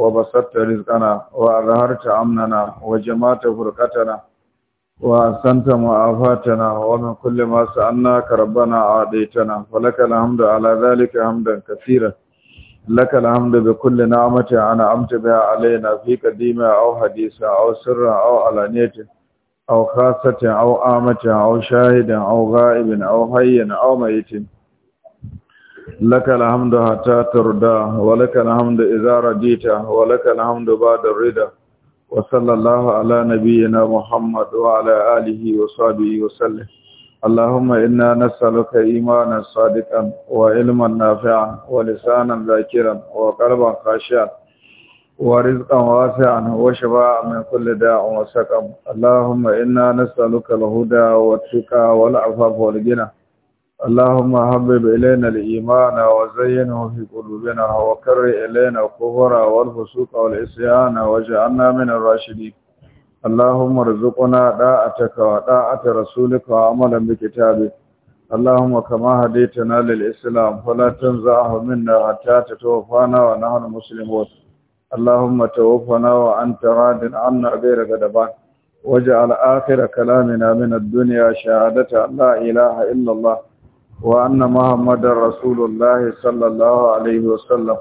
وبسطت رزقنا وأظهرت أمننا وجمعت فرقتنا وأحسنت معافاتنا ومن كل ما سألناك ربنا أعطيتنا ولك الحمد على ذلك حمدا كثيرا لك الحمد بكل نعمة أنا أنعمت بها علينا في قديمة أو حديثة أو سرة أو علانية أو خاصة أو آمة أو شاهد أو غائب أو حي أو ميت لك الحمد حتى ترضى ولك الحمد إذا رضيت ولك الحمد بعد الرضا وصلى الله على نبينا محمد وعلى آله وصحبه وسلم اللهم إنا نسألك إيمانا صادقا وعلما نافعا ولسانا ذاكرا وقلبا خاشعا ورزقا واسعا وشفاء من كل داء وسقم اللهم إنا نسألك الهدى والتقى والعفاف والغنى اللهم حبب إلينا الإيمان وزينه في قلوبنا وكر إلينا الكفر والفسوق والعصيان واجعلنا من الراشدين اللهم ارزقنا طاعتك وطاعة رسولك وعملا بكتابك اللهم كما هديتنا للإسلام فلا تنزعه منا حتى تتوفانا ونحن مسلمون اللهم توفنا وأنت راد عنا غير غضبان واجعل آخر كلامنا من الدنيا شهادة أن لا إله إلا الله وأن محمد رسول الله صلى الله عليه وسلم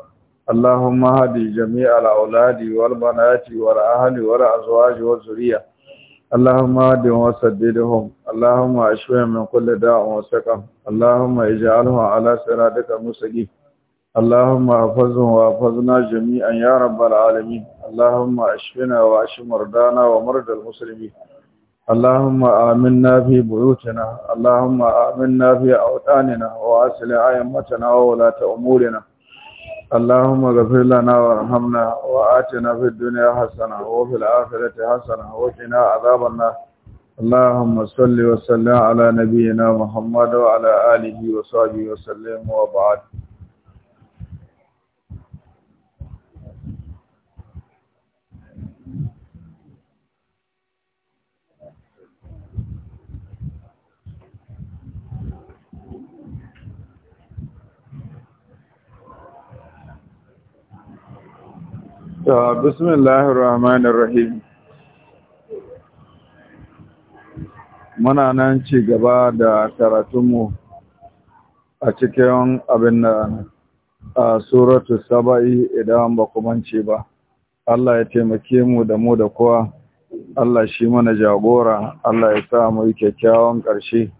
اللهم هدي جميع الأولاد والبنات والأهل والأزواج والزرية اللهم هدهم وسددهم اللهم أشفهم من كل داء وسقم اللهم اجعلهم على صراطك المستقيم اللهم احفظهم واحفظنا جميعا يا رب العالمين اللهم اشفنا واشف مرضانا ومرضى المسلمين اللهم آمنا في بيوتنا اللهم آمنا في أوطاننا وأصلح أئمتنا وولاة أمورنا اللهم اغفر لنا وارحمنا وآتنا في الدنيا حسنة وفي الآخرة حسنة وقنا عذاب النار اللهم صل وسلم على نبينا محمد وعلى آله وصحبه وسلم وبعد بسم الله الرحمن الرحيم muna nan ci gaba da karatunmu a cikin abin da a suratu saba'i idan ba kumance ba Allah ya taimake mu da mu da kowa Allah shi mana jagora Allah ya sa mu yi kyakkyawan ƙarshe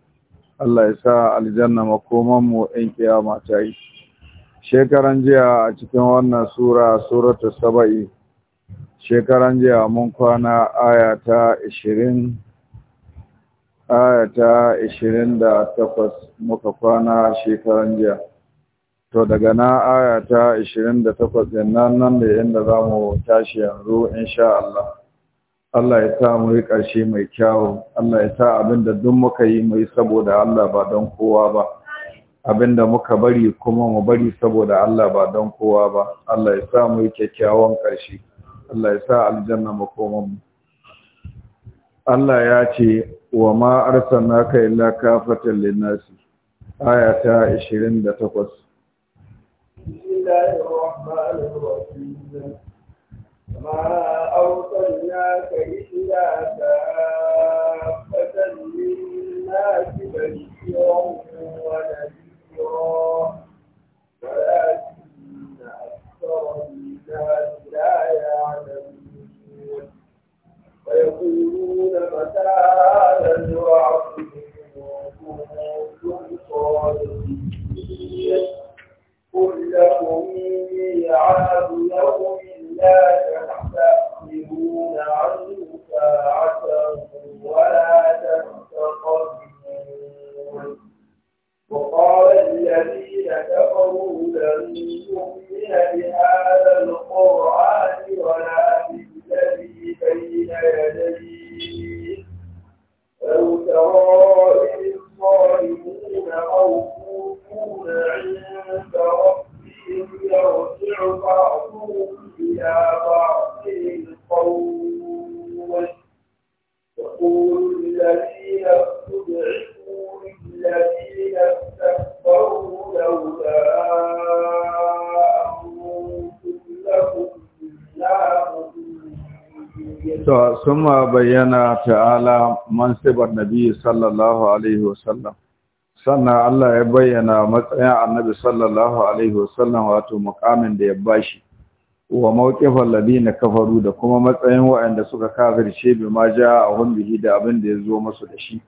Allah ya sa aljanna makomanmu in kiyama ta yi shekaran jiya a cikin wannan sura suratul saba'i shekaran jiya mun kwana aya ta 20 aya ta 28 muka kwana shekaran jiya to daga na aya ta 28 din nan nan da inda zamu tashi yanzu insha Allah Allah ya sa mu yi ƙarshe mai kyawu Allah ya sa abin da duk muka yi mu yi saboda Allah ba don kowa ba abinda muka bari kuma mu bari saboda Allah ba don kowa ba Allah ya sa mu yi kyakkyawan ƙarshe Allah ya sa aljanna mu koma mu Allah ya ce wa ma arsalnaka illa kafatan linnasi aya ta 28 ما أرسلناك إلا كافة للناس بشيرا ونذيرا ولكن أكثر الناس لا يعلمون ويقولون متى هذا الوعد كنتم صادقين قل لهم ميعاد يوم لا تحتاج bayyana ta'ala mansibar nabi sallallahu alaihi wasallam sannan Allah ya bayyana matsayin annabi sallallahu alaihi wasallam wato mukamin da ya bashi wa mawqifal ladina kafaru da kuma matsayin waɗanda suka kafirce bi ma a bihi da abin da ya zo musu da shi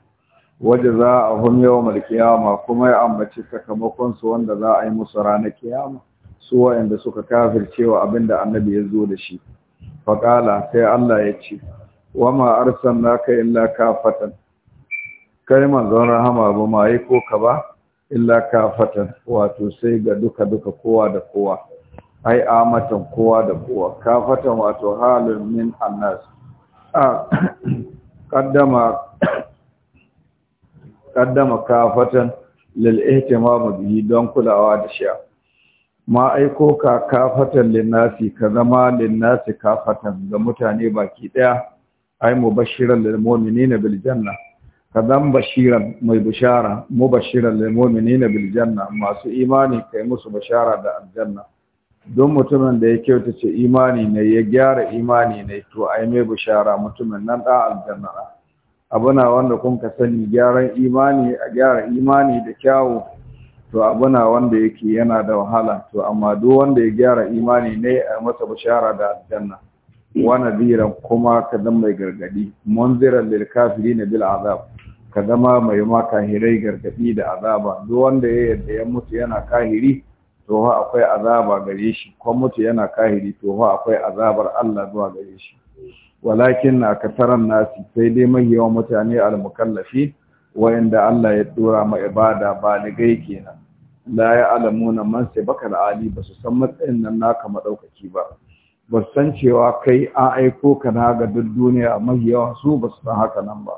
waje za a hun yawon kiyama kuma ya ambaci sakamakonsu wanda za a yi musu ranar kiyama su wa'anda suka kafircewa abin da annabi ya zo da shi faƙala sai Allah ya ce wa ma arsalnaka illa kafatan kai manzon rahama ba ma yi ko ka ba illa kafatan wato sai ga duka duka kowa da kowa ai amatan kowa da kowa kafatan wato halin min annas a kaddama qaddama kafatan lil ihtimam bihi don kulawa da shi ma aiko ka kafatan linnasi ka zama linnasi kafatan ga mutane baki daya ai mubashiran lil mu'minina bil janna kadan bashiran mai bishara mubashiran lil mu'minina bil janna masu imani kai musu bishara da aljanna don mutumin da ya kyautace imani ne ya gyara imani ne to ai mai bishara mutumin nan da aljanna abuna wanda kun ka sani gyaran imani a gyara imani da kyawu to abuna wanda yake yana da wahala to amma duk wanda ya gyara imani ne a masa bishara da aljanna wa nadiran kuma ka zama mai gargadi munziran lil kafirin bil azab ka zama mai ma kahirai gargadi da azaba duk wanda ya yadda ya mutu yana kahiri to fa akwai azaba gare shi ko mutu yana kahiri to fa akwai azabar Allah zuwa gare shi walakin na kasaran nasi sai dai mai yawa mutane almukallafi wanda Allah ya dora ma ibada ba baligai kenan la ya alamuna man sai baka ali ba su san matsayin nan naka madaukaki ba ba san cewa kai an aiko ka na ga duk duniya mai yawan su ba su san haka nan ba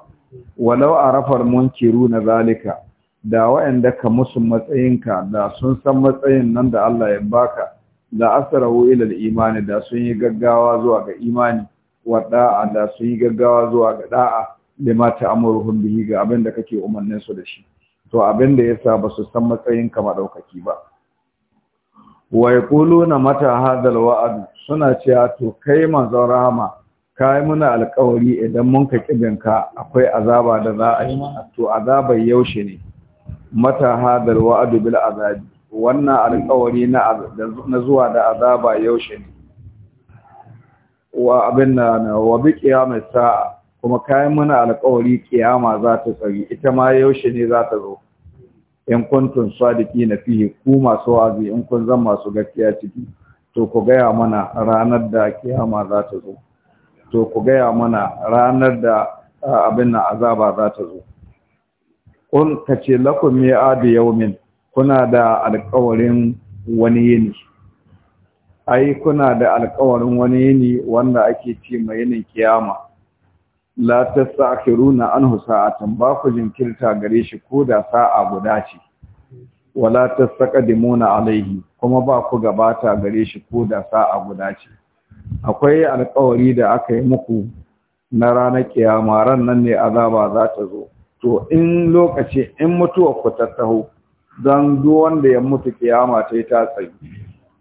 walau a rafar munkiru na zalika da wa'anda ka musu matsayinka da sun san matsayin nan da Allah ya baka da asarahu ila imani da sun yi gaggawa zuwa ga imani wa da'a da sun yi gaggawa zuwa ga da'a lima ta'amuruhum bihi ga abinda kake umarnin su da shi to abinda da yasa ba su san matsayin ka madaukaki ba wa na mata hadal wa'ad suna cewa to kai manzon rahama kai muna alƙawari idan mun ka kibinka akwai azaba da za a yi to azabar yaushe ne mata hadal wa'ad bil azabi wannan alƙawari na na zuwa da azaba yaushe ne wa abin na wa bi qiyam sa'a kuma kai muna alƙawari kiyama za ta tsari ita ma yaushe ne za ta zo in kuntum na fihi ku masu wazi in kun zan masu gaskiya ciki to ku gaya mana ranar da kiyama za ta zo to ku gaya mana ranar da abin nan azaba za ta zo kun kace lakum mi'adu yawmin kuna da alƙawarin wani yini ai kuna da alƙawarin wani yini wanda ake ce mai yinin kiyama la tasta'khiruna anhu sa'atan ba ku jinkirta gare shi ko da sa'a guda ce wala tastaqdimuna alaihi kuma ba ku gabata gare shi ko da sa'a guda ce akwai alƙawari da aka yi muku na ranar kiyama ran nan ne azaba za ta zo to in lokaci in mutuwa ku tattaho don duk wanda ya mutu kiyama ta yi tsayi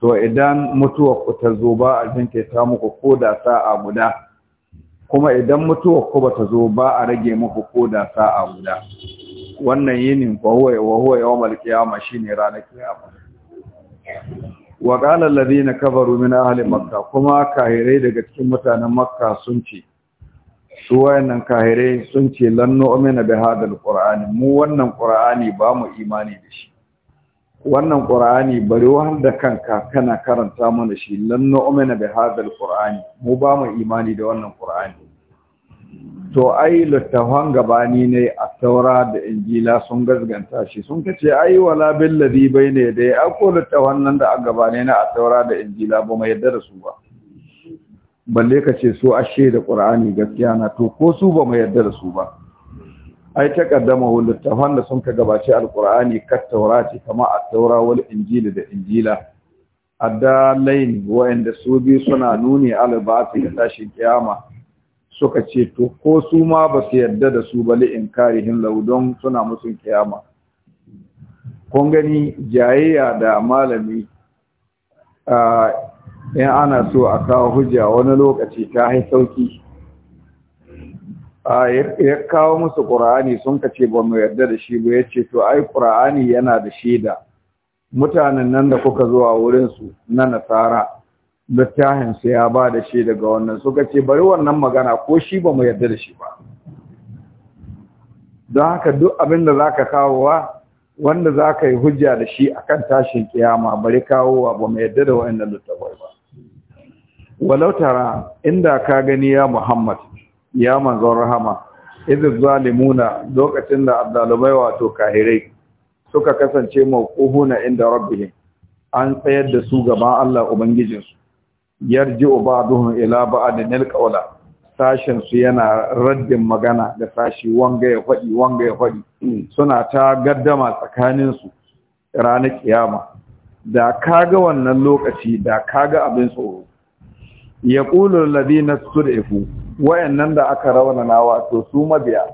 to idan mutuwa ku ta zo ba a jinkirta muku ko da sa'a guda kuma idan mutuwar ku bata zo ba a rage muku ko da sa'a guda wannan yinin wa huwa yawmal qiyama shine ranar kiyama wa qala alladhina kafaru min ahli makka kuma kahirai daga cikin mutanen makka sun ce su wayannan kahirai sun ce lan nu'mina bi hadal qur'ani mu wannan qur'ani ba mu imani da shi wannan ƙur'ani bari wahal da kanka kana karanta mana shi lan nu'mina bi hadhal qur'ani mu ba mu imani da wannan qur'ani to ai littafan gabani ne a taura da injila sun gazganta shi sun kace ai wala ne da dai ako littafan nan da a gabane na a taura da injila ba mu yadda da su ba balle kace su ashe da qur'ani gaskiya na to ko su ba mu yadda da su ba ai ta kaddama littafan da sun ka gabaci alqur'ani kat taurati kama a taura wal injil da injila addalain wa'anda su bi suna nuni al ga da tashin kiyama suka ce to ko su ma ba su yadda da su bali inkarihin laudon suna musun kiyama kun gani jayayya da malami in ana so a kawo hujja wani lokaci ta hai sauki ya kawo musu ƙura'ani sun ka ce ba mu yarda da shi ba ya ce to ai ƙura'ani yana da shaida mutanen nan da kuka zuwa wurinsu na nasara littafinsu ya ba da shi daga wannan suka ce bari wannan magana ko shi ba mu yarda da shi ba don haka duk abin da za ka kawowa wanda za ka yi hujja da shi akan tashin kiyama bari kawowa ba mu yarda da wa'annan littafai ba walau inda ka gani ya muhammad ya manzon rahama idh zalimuna lokacin da addalumai wato kahirai suka kasance mawquhuna inda rabbihim an tsayar da su gaba Allah ubangijinsu yarji'u ba'duhum ila ba'din alqawla sashin su yana raddin magana da sashi wanga ya fadi wanga ya fadi suna ta gaddama tsakanin su ranar kiyama da kaga wannan lokaci da kaga abin tsoro yaqulu ladina stud'ifu wayannan da aka raunana wato su mabiya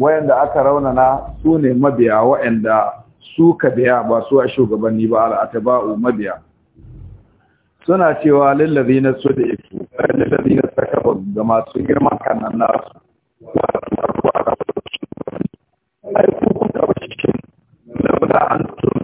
wayanda aka raunana su ne mabiya wayanda su ka biya ba su a shugabanni ba al'ataba'u mabiya suna cewa lillazi na su da iku lillazi na sakaba ga masu girman kanan nasu wato ruwa da su ai ku ku da wasu kin da an tun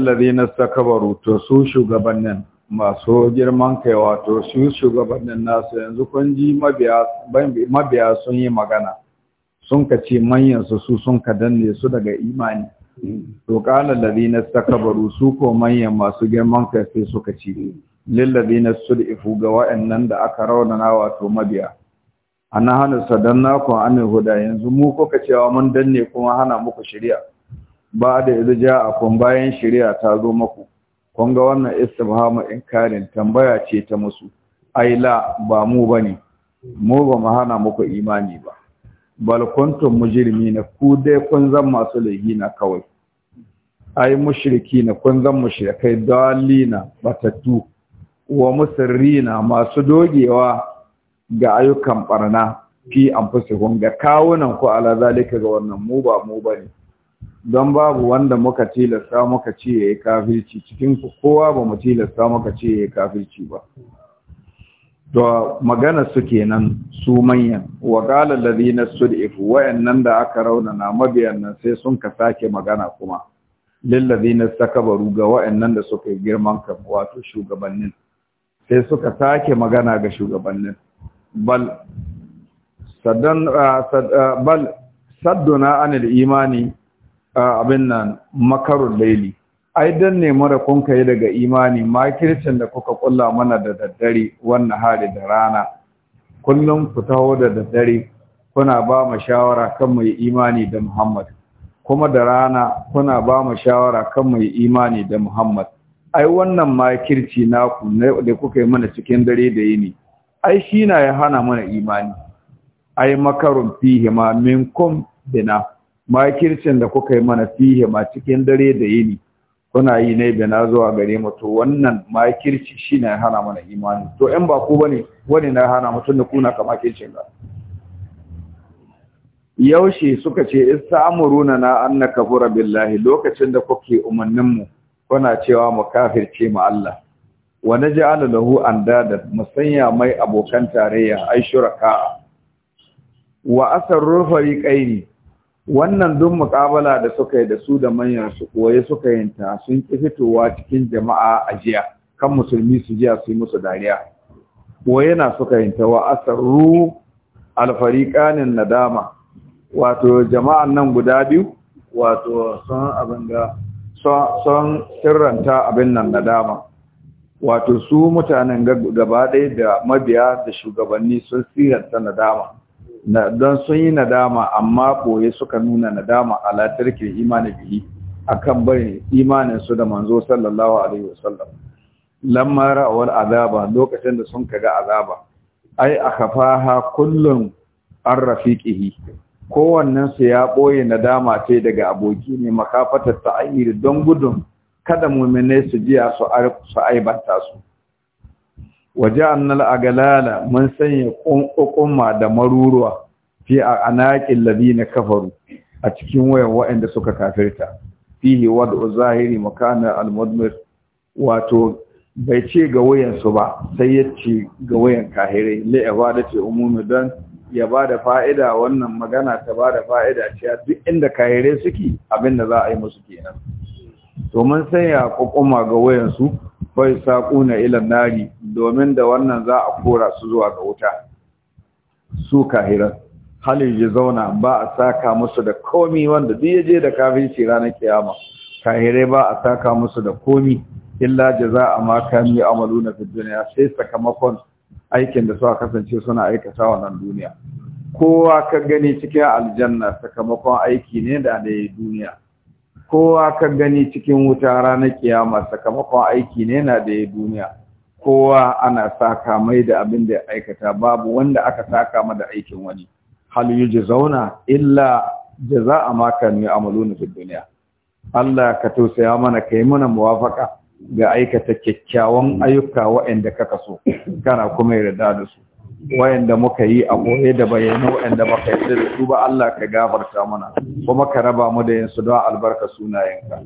allazina istakbaru to su shugabannin masu girman kai wato su shugabannin nasu yanzu kun ji mabiya sun yi magana sun ka ce manyan su sun ka danne su daga imani to qala ladina takabaru su ko manyan masu girman kai sai suka ce lil ladina sudifu ga wa'annan da aka raunana wato mabiya ana hana sadanna an huda yanzu mu kuka cewa mun danne kuma hana muku shari'a ba da a kun bayan shirya ta zo maku kun ga wannan istibhamu inkarin tambaya ce ta musu ai la ba mu bane mu ba mu hana muku imani ba bal kuntum mujrimina ku dai kun zan masu laifi na kawai ai na kun zan mushrikai dalina batattu wa musirrina masu dogewa ga ayyukan barna fi anfusikum ga kawunan ku ala zalika ga wannan mu ba mu bane don babu wanda muka tilasta muka ce ya yi kafirci cikin kowa ba mu tilasta muka ce ya yi kafirci ba da magana suke nan, su manyan wa qala alladhina sud'ifu wayannan da aka raunana mabiyan nan sai sun ka sake magana kuma lil ladina stakabaru ga wayannan da suka girman kan wato shugabannin sai suka sake magana ga shugabannin bal ah, ah, bal sadduna anil imani abin nan makarun laili ai dan ne mara kun yi daga imani makircin da kuka kulla mana da daddare wannan hari da rana kullum ku taho da daddare kuna ba mu shawara kan mu imani da Muhammad kuma da rana kuna ba mu shawara kan mai imani da Muhammad ai wannan makirci naku da kuka yi mana cikin dare da yini ai shi na ya hana mana imani ai makarun fihi ma minkum bina makircin da kuka yi mana fihe ma cikin dare da yini kuna yi ne na zuwa gare mu to wannan makirci shine na hana mana imani to in ba ku bane wani na hana mutum da kuna ka makircin ga yaushe suka ce istamuruna na annaka fura billahi lokacin da kuke umannin mu kuna cewa mu kafirce mu Allah wa naj'alu lahu andada musanya mai abokan tarayya ay shuraka wa asarru fariqaini wannan duk muƙabala da suka yi da su da manyan su koye suka yin ta sun ki fitowa cikin jama'a a jiya kan musulmi su jiya su yi musu dariya koye na suka yin ta wa asarru alfariqanin nadama wato jama'an nan guda biyu wato sun abin da sirranta abin nan nadama wato su mutanen gaba ɗaya da mabiya da shugabanni sun sirranta nadama don sun yi nadama amma ɓoye suka nuna nadama a latarkin imanin bihi akan barin imaninsu da manzo sallallahu alaihi wasallam lamma ra'awar azaba lokacin da sun kaga azaba ai akafaha kullun arrafiqihi kowannen su ya ɓoye nadama ce daga aboki ne makafatar ta'ayir don gudun kada muminai su jiya su aibanta su waje annal galala mun sanya kunkumma da maruruwa fi a anaƙin na kafaru a cikin wayan waɗanda suka kafirta fihi wad'u zahiri makana al-mudmir wato bai ce ga wayansu ba sai ya ce ga wayan kahirai la'ibada ce umumi don ya ba da fa'ida wannan magana ta ba da fa'ida ce duk inda kahirai suke abinda za a yi musu kenan to mun sanya kokoma ga wayansu bai na ilan nari domin da wannan za a kora su zuwa ga wuta su kahiran halin ji zauna ba a saka musu da komi wanda duk je da shi ranar kiyama kahirai ba a saka musu da komi illa a ma kanu amaluna fi duniya sai sakamakon aikin da suka kasance suna aikata wannan duniya kowa ka gani cikin aljanna sakamakon aiki ne da da duniya kowa ka gani cikin wuta ranar kiyama sakamakon aiki ne na da duniya kowa ana saka mai da abin da ya aikata babu wanda aka saka ma da aikin wani hal zauna illa jaza'a ma kanu ya'maluna fid duniya. Allah ka tausaya mana kai mana muwafaka ga aikata kyakkyawan ayyuka wa'anda kaka so kana kuma yarda da su wayanda muka yi a koye da bayyana wayanda baka yi da su ba Allah ka gafarta mana kuma ka raba mu da yin su don albarka sunayenka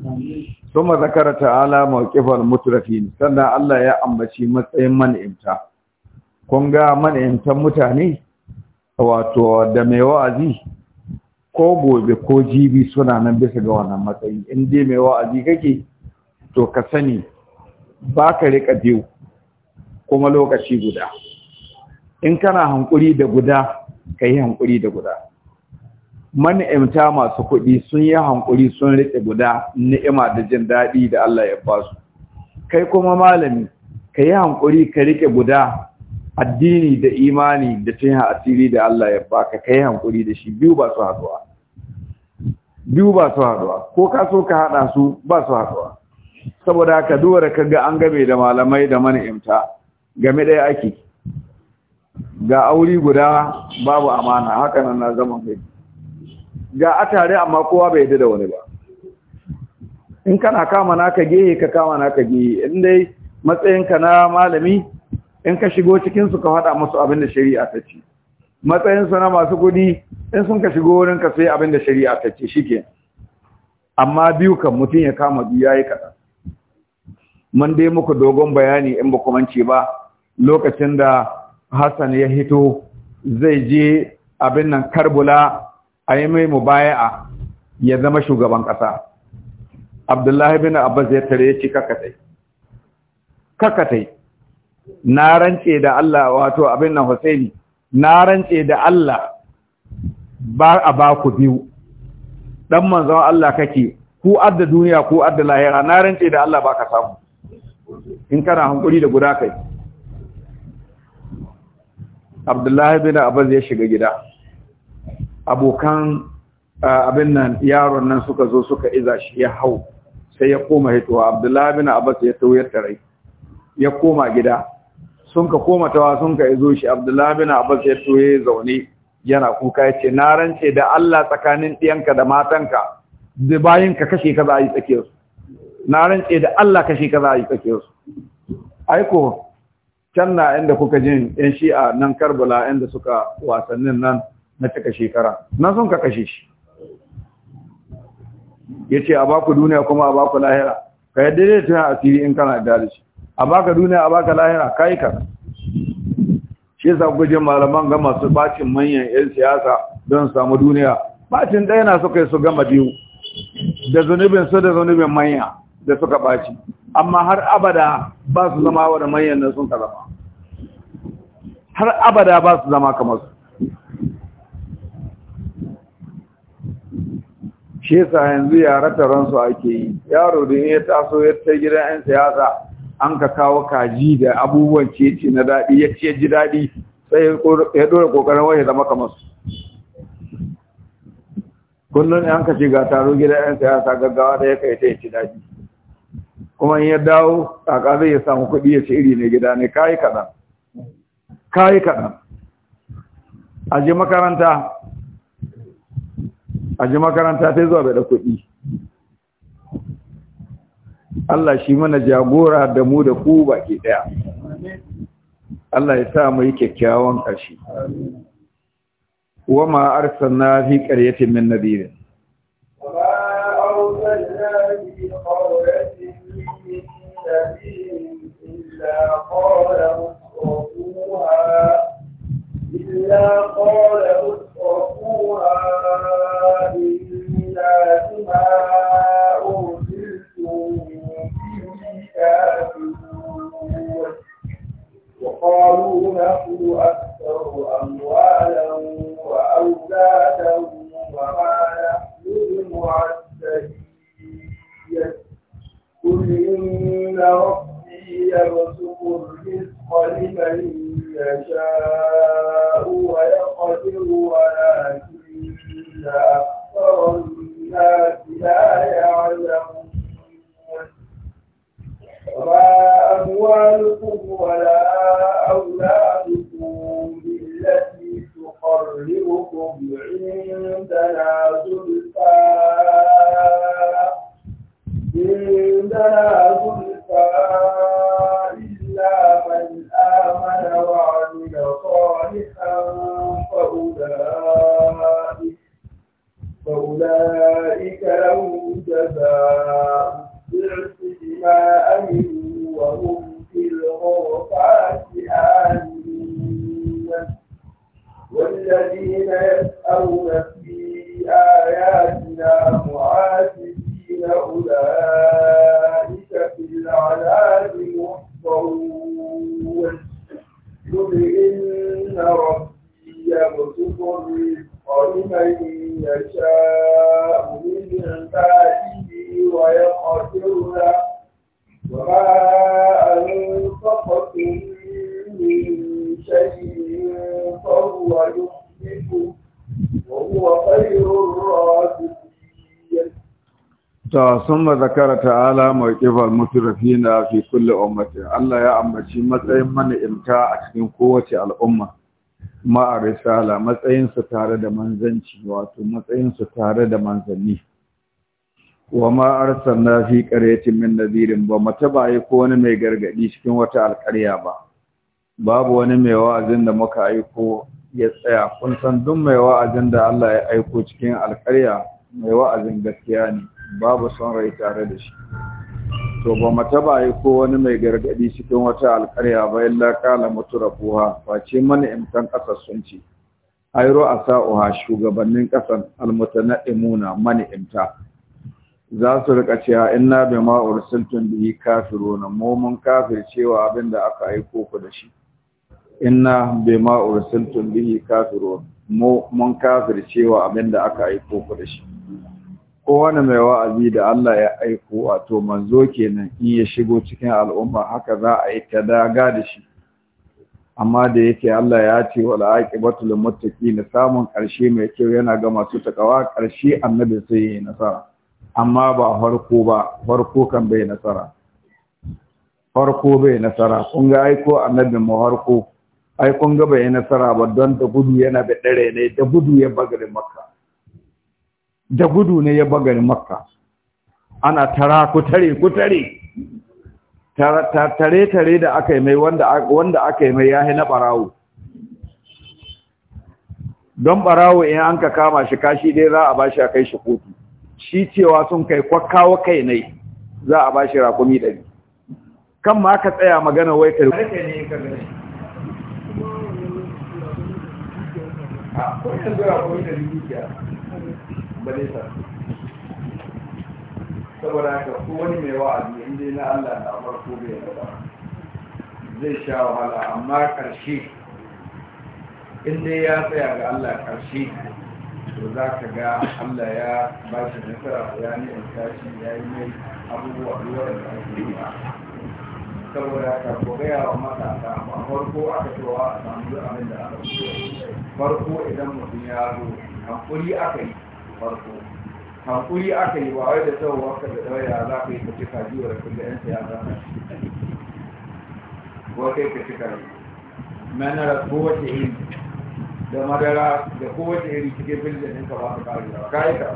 thumma zakara ta'ala mawqifal ne sannan Allah ya ambaci matsayin man'imta kun ga man'imtan mutane wato da mai wa'azi ko gobe ko jibi suna nan bisa ga wannan matsayi in dai mai wa'azi kake to ka sani ba ka riƙa biyu kuma lokaci guda in kana hankuri da guda ka yi hankuri da guda mani'imta masu kuɗi sun yi hankuri sun riƙe guda ni'ima da jin daɗi da Allah ya ba su kai kuma malami ka yi hankuri ka riƙe guda addini da imani da cin asiri da Allah ya ba ka yi hankuri da shi biyu ba su haɗuwa biyu ba su haɗuwa ko ka so ka haɗa su ba su haɗuwa saboda ka dora ka ga an game da malamai da manimta game ɗaya ake ga auri guda babu amana haka nan na zama kai ga a tare amma kowa bai yadda da wani ba in kana kama naka gehe ka kama naka gehe in dai matsayinka na malami in ka shigo cikinsu ka faɗa musu abin da shari'a ta ce matsayinsu na masu kuɗi in sun ka shigo wurin ka sai abin da shari'a ta ce shike amma biyu kan mutum ya kama biyu yayi kaɗan mun dai muku dogon bayani in ba ba lokacin da Hassan ya hito zai je abin nan Karbula a yi mai mubaya'a ya zama shugaban ƙasa abdullahi bin abbas ya tare ya ci kakatai kakatai na rance da Allah wato abin nan Hussaini, na rance da Allah ba a ba ku biyu dan zama Allah kake ku adda duniya ku adda lahira na rance da Allah ba ka samu in kana hankuri da guda kai Abdullahi bin Abbas ya shiga gida abokan abin nan yaron nan suka zo suka iza shi ya hau sai ya koma hitowa abdullahi bin abbas ya tawo ya tare ya koma gida sun ka koma tawa sun ka izo shi abdullahi bin abbas ya tawo ya zaune yana kuka ya ce na rance da Allah tsakanin ɗiyanka da matanka da ka kashe ka za a yi tsakiyarsu na rance da Allah kashe ka za a yi tsakiyarsu aiko can na inda kuka jin yan shi'a nan karbala inda suka wasannin nan na cika shekara na son ka kashe shi ya ce a baku duniya kuma a baku lahira ka yadda dai tana asiri in kana da shi a baka duniya a baka lahira ka yi ka shi yasa gujin malaman ga masu bacin manyan 'yan siyasa don samu duniya bacin ɗaya na suka yi su gama biyu da zunubin su da zunubin manya da suka baci amma har abada ba su zama wa da manyan nan sun zama har abada ba su zama kamar su shi yasa yanzu yara ransu ake yi yaro da ya taso ya ta gidan 'yan siyasa an ka kawo kaji da abubuwan ciye na daɗi ya ce ji daɗi sai ya ɗora ƙoƙarin wani zama kamar su kullum an ka ce ga taro gidan 'yan siyasa gaggawa da ya kai ta ya ci daɗi kuma ya dawo kaka zai ya samu kuɗi ya ci iri ne gida ne kayi kaɗan kayi kaɗan a je makaranta a ji makaranta ta zuwa bai da kuɗi Allah shi mana jagora da mu da ku baki ɗaya Allah ya sa mu yi kyakkyawan ƙarshe wa ma sanna fi ƙaryatin min nadirin قال مصرفوها إلا قال مصرفوها هو إلا بما أرسلتم به كافرون وقالوا نحن أكثر أموالا وأولادا وما نحن بمعذبين قل إن ربي يبسط الرزق لمن يشاء فارتب إن ربي يبسط الرزق لمن يشاء من عباده ويقدر له وما أنفقتم من شيء فهو يخلفه وهو خير الرازقين ta sun ma zakara ta'ala mai ƙifar muturafi na fi kulle ummati Allah ya ambaci matsayin mana imta a cikin kowace al'umma ma'a risala matsayinsu tare da manzanci wato matsayinsu tare da manzanni wa ma na fi qaryatin min zirin ba mata yi ko wani mai gargadi cikin wata alƙarya ba babu wani mai wa'azin da muka aiko ya tsaya kun san duk mai wa'azin da Allah ya aiko cikin alƙarya mai wa'azin gaskiya ne babu son rai tare da shi to ba mata yi ko wani mai gargadi cikin wata alƙarya ba illa kala mutura buha face mana imkan ƙasar sun ce airo a ha shugabannin ƙasar almutana'imuna mani imta za su rika cewa inna bi ma ursiltum bihi kafiruna mu mun kafir cewa abinda aka aiko ku da shi inna bi ursiltum bihi kafirun mu mun kafir abinda aka aiko ku da shi kowane mai wa'azi da Allah ya aiko wato manzo kenan in ya shigo cikin al'umma haka za a yi ta daga da shi amma da yake Allah ya ce wa wal batul lil na samun ƙarshe mai kyau yana ga masu takawa ƙarshe annabi sai yi nasara amma ba farko ba farko kan bai nasara farko bai nasara kun ga aiko annabi mu farko ai kun ga bai nasara ba don da gudu yana da dare ne da gudu ya bagare maka. da gudu ne ya bagari makka ana tara ku tare ku tare tare tare da aka yi mai wanda aka yi mai yahi na barawo don barawo in an ka kama shi kashi dai za a ba a kai shi kotu shi cewa sun kai kwakawa kai ne za a ba shi rakumi ɗari kan ma ka tsaya magana wai ka ba saboda haka ko wani mai wa'azi in dai na Allah na farko bai yarda zai sha wahala amma ƙarshe in dai ya tsaya ga Allah ƙarshe to za ka ga Allah ya ba shi nasara ya ni in tashi ya yi mai abubuwa ruwa da ake yi saboda ka ko gaya wa matasa amma farko aka cewa a samu duk abin da aka farko idan mutum ya zo hankuri aka yi farko hankuri aka yi ba wai da tsawo aka da ɗauya za ka yi ka cika jiwa da kulle yan siyasa ko kai ka cika rai manara kowace iri da madara da kowace iri cikin biljan ɗinka ba ka ƙari ba ka yi ka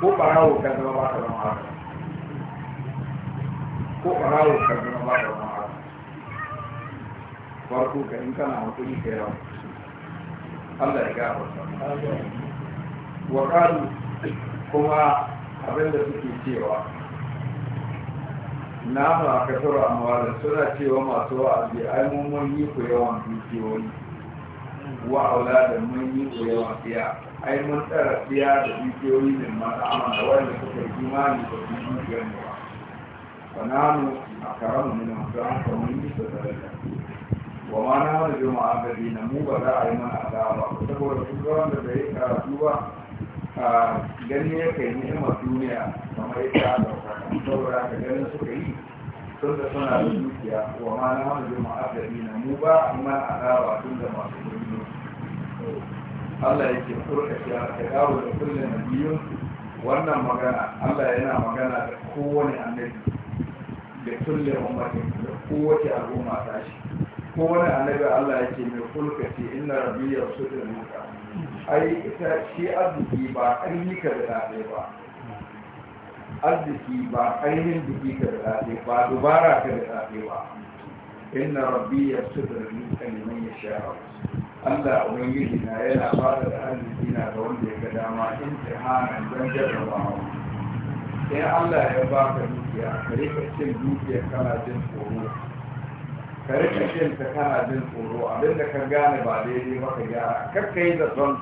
ko ɓarawo ka zama ba ka zama haka ko ɓarawo ka zama ba ka zama haka farko ka in kana hankuri ka yawa Allah ya gafarta. وقالوا kuma abin da suke cewa na ma ka tura amwalin suna cewa masu wa'azi ai mun mun yi ku yawan dukiyoyi wa aula da mun yi ku yawan tsiya ai mun tsara tsiya da dukiyoyi min masu amana wanda suka yi imani da su yi mu ba mu a karamu na masu an mun yi su da wa ma na wani jima'a gari na mu ba za a yi mana azaba saboda su zama wanda bai karatu ba gani ya kai ni'imar duniya kamar ita da saboda ka ganin suka yi sun da suna da dukiya wa ma na a ma'adadi na mu ba a amma azaba tun da masu gudu Allah ya ke furta shi a dawo da kullum biyu wannan magana Allah yana magana da kowane annabi da kullum ummati da kowace al'umma ta shi ko wani annabi Allah yake mai kulka inna rabbi ya su da muka ai ita shi arziki ba ƙarni ka da ɗaɗe ba arziki ba ƙarnin biki ka da ɗaɗe ba dubara ka da ɗaɗe ba inna rabbi ya su da muka neman ya sha Allah ubangiji na yana fara da arziki na ga wanda ya ga dama in tihanan don jarrabawa in Allah ya baka dukiya ka rika cin dukiya kana jin tsoro ka rike shin ta kana jin tsoro abinda ka gane ba daidai ba ka gyara kar ka yi da son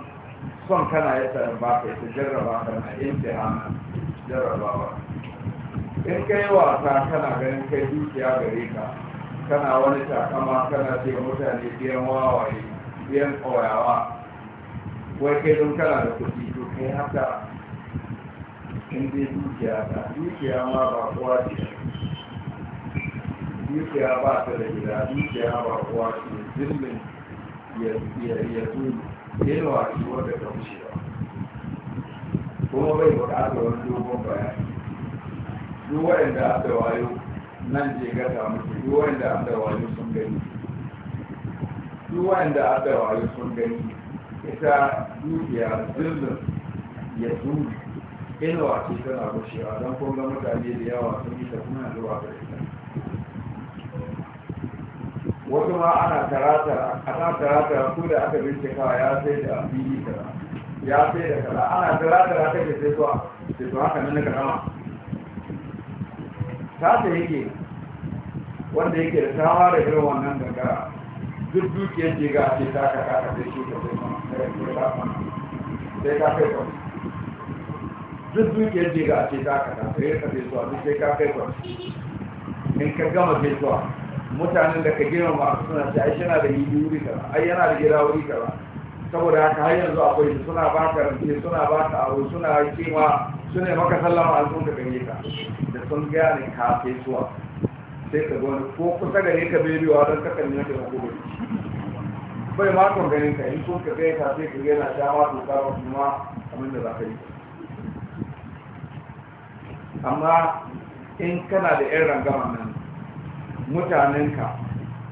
son kana ya ta ba ka ta jarraba ka na imtihana jarraba ba in ka yi wasa kana ganin kai dukiya gare ka kana wani takama kana ce mutane biyan wawaye biyan tsawayawa wai kai don kana da kuɗi to kai haka in dai dukiya ta dukiya ma ba kowa ce dukiya ba ta da gida dukiya ba kuwa ke zirmin ya tuni yawa shi wadda ta fushe ba kuma bai bukatar wani dogon bayani duk waɗanda aka wayo nan je gata muke duk waɗanda aka wayo sun gani duk waɗanda aka wayo sun gani ita dukiya zirmin ya tuni inuwa ce tana rushewa don kuma mutane da yawa sun yi ta kuma zuwa gari wasu ma ana karata ana karata ko da aka bincika ya sai da bibi kaza ya sai da kala ana taratara ta ke sai zuwa sai zuwa kan nan karama ta ta yake wanda yake da tawa da irin wannan daga duk dukiyar ce ga ce ta ka kaka sai shi ka sai sai ka sai ka kai kwanci duk dukiyar ce ga ce ta ka kaka sai ka sai zuwa duk sai ka kai kwanci in ka gama sai zuwa mutanen da ka gina ma suna ce ai na da yi wuri ka ai yana da gida wuri ka saboda haka har yanzu akwai su suna ka rance suna ba ka aure, suna su ne maka sallama a sun ka ganye ka da sun ne ka sai suwa sai ka gani ko kusa gare ka bai don ka kalli maka mako bai bai ma kan ganin ka in sun ka gaya ka sai ka gana ma su ka ma abin da za ka yi amma in kana da yan rangama nan mutanenka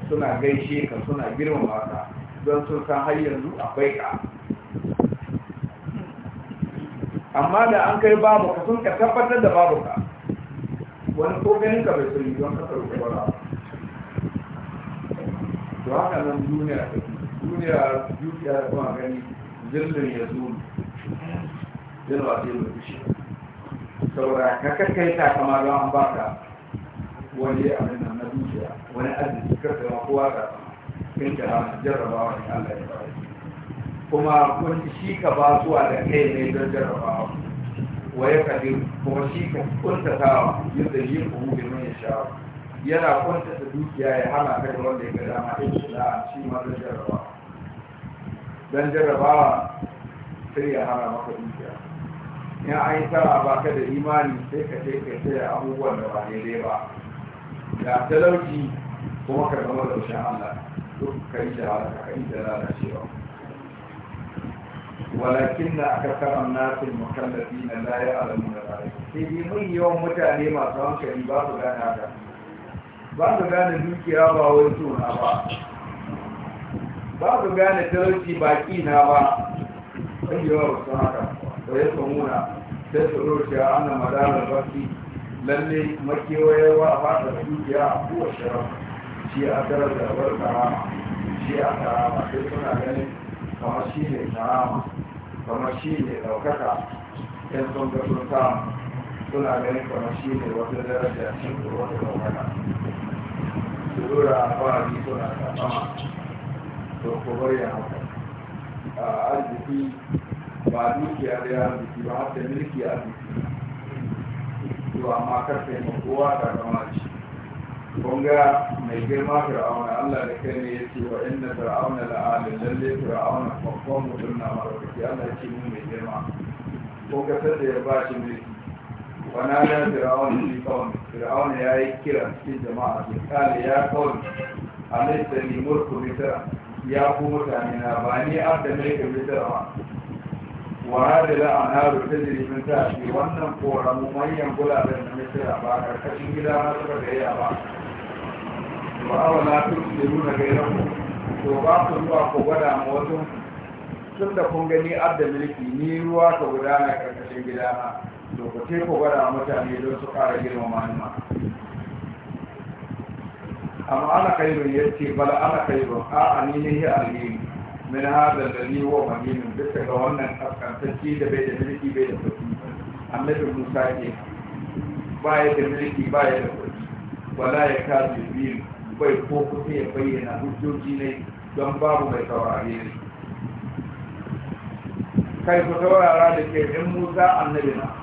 suna gaishe ka suna girmama ka don sun san har yanzu akwai ka amma da an kai babu ka sun ka tabbatar da babu ka wani ko ganin ka bai sani don kasar kubara to haka nan duniya duniya dukiya da kuma gani zirgin ya zuru zilwa zai mutu shi saboda ka kakkaita kamar don an baka wani abin nan na dukiya wani arziki karfe ma kowa ga kai kira na jarrabawa ne Allah ya bari kuma kun shi ka ba zuwa da kai mai don jarrabawa wa ya kadi kuma shi ka kuntatawa yadda yi kuma da mai sha'awa yana kuntata dukiya ya hana kai wanda ya ga dama ya ce da shi ma don jarrabawa don jarrabawa sai ya hana maka dukiya In an yi sa'a ba ka da imani sai ka sai ka sai abubuwan da ba daidai ba ga talauci kuma karɓar da ushen Allah duk kai shahara ka kai da lalacewa walakin na aka kama nasin makallafi na laye alamu da laye sai dai mun yawan mutane masu hankali ba su gane haka ba su gane dukiya ba wai suna ba ba su gane talauci baki na ba ɗan yawa su haka da ya samuna sai su roshe annan madalar baki lalle makewayewa a fata dukiya a kowace ran shi a tara da barka shi a karama sai suna ganin kamar shi ne karama kamar shi ne ɗaukaka yan sun ga sun sa suna ganin kamar shi ne wata daraja shi ko wata ɗaukaka su dora a fari suna kasama to ku bari a haka a arziki ba dukiya da ya arziki ba har da mulki arziki to amma kar kai kowa ta kama shi ga mai girma fir'auna Allah da kai ne yace wa inna fir'auna la'alin lalle fir'auna babban mutum na maraukaki Allah ya ce mu mai girma ko ka da ya ba shi mulki wana da fir'auna shi kawai fir'auna ya yi kira cikin jama'a su kale ya kawai alaisa ni mulku misra ya ku mutane na ba ni abda mulkin misra ba وهذه الأنهار تجري من تحتي وأن فورا مميّن كلا بين مثل أباك كشن إلى نصر غير أباك وأولا تبصرون غيرهم وباقوا الله قبلا موتهم tun da kun gani adda miliki ni ruwa ka gudana karkashin gidana to ku ce ku gwada mutane don su ƙara girmama ni ma amma ana kairun ya ce bala ana kairun a'a ni ne ya alheri min hada alladhi huwa mahin duka ga wannan kaskantacce da bai da mulki bai da kuɗi annabi Musa ne ba ya mulki ba ya da kuɗi wala ya kazu biyu bai ko kusa ya bayyana hujjoji ne don babu mai saurare ne kai ku da ke in Musa annabi na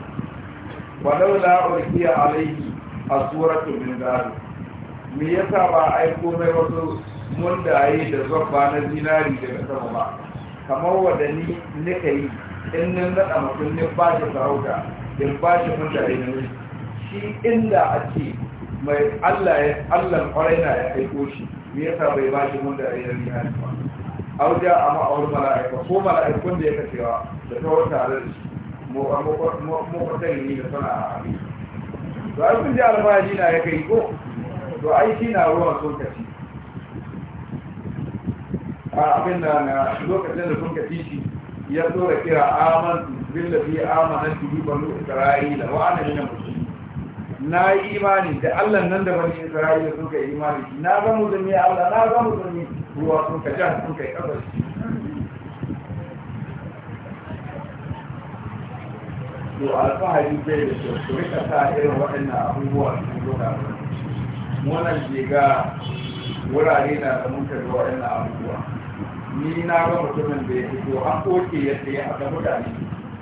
walau la urkiya alaihi a suratun min zalim me yasa ba aiko mai wasu wanda yi da zobba na zinari daga sama ba kamar wadani ne nika yi in nan naɗa mutum ne ba shi sarauta in ba shi mundaye na wuri shi inda a ce mai allah ya allah kwarai na ya aiko shi me yasa bai ba shi yi na zinari ba auja a ma'awar mala'aika ko mala'aikun da ya kacewa da sauran tare da shi makwatan ne da suna a abin to ai kun ji alfahari na ya kai ko to ai shi na ruwan sun kaci abin da na lokacin da sun kaci shi ya zo da kira amantu billafi amanantu bi banu isra'ila wa ana mina musulmi na yi imani da Allah nan da bani isra'ila sun kai imani na ga musulmi Allah na ga musulmi ruwa sun ka jan sun kai kasar to alfahari bai da kyau su rika sa irin waɗannan abubuwa su zuwa wannan jiga wurare na da muka da waɗannan abubuwa ni na ga mutumin da ya fito an koke ya tsaye a ga mutane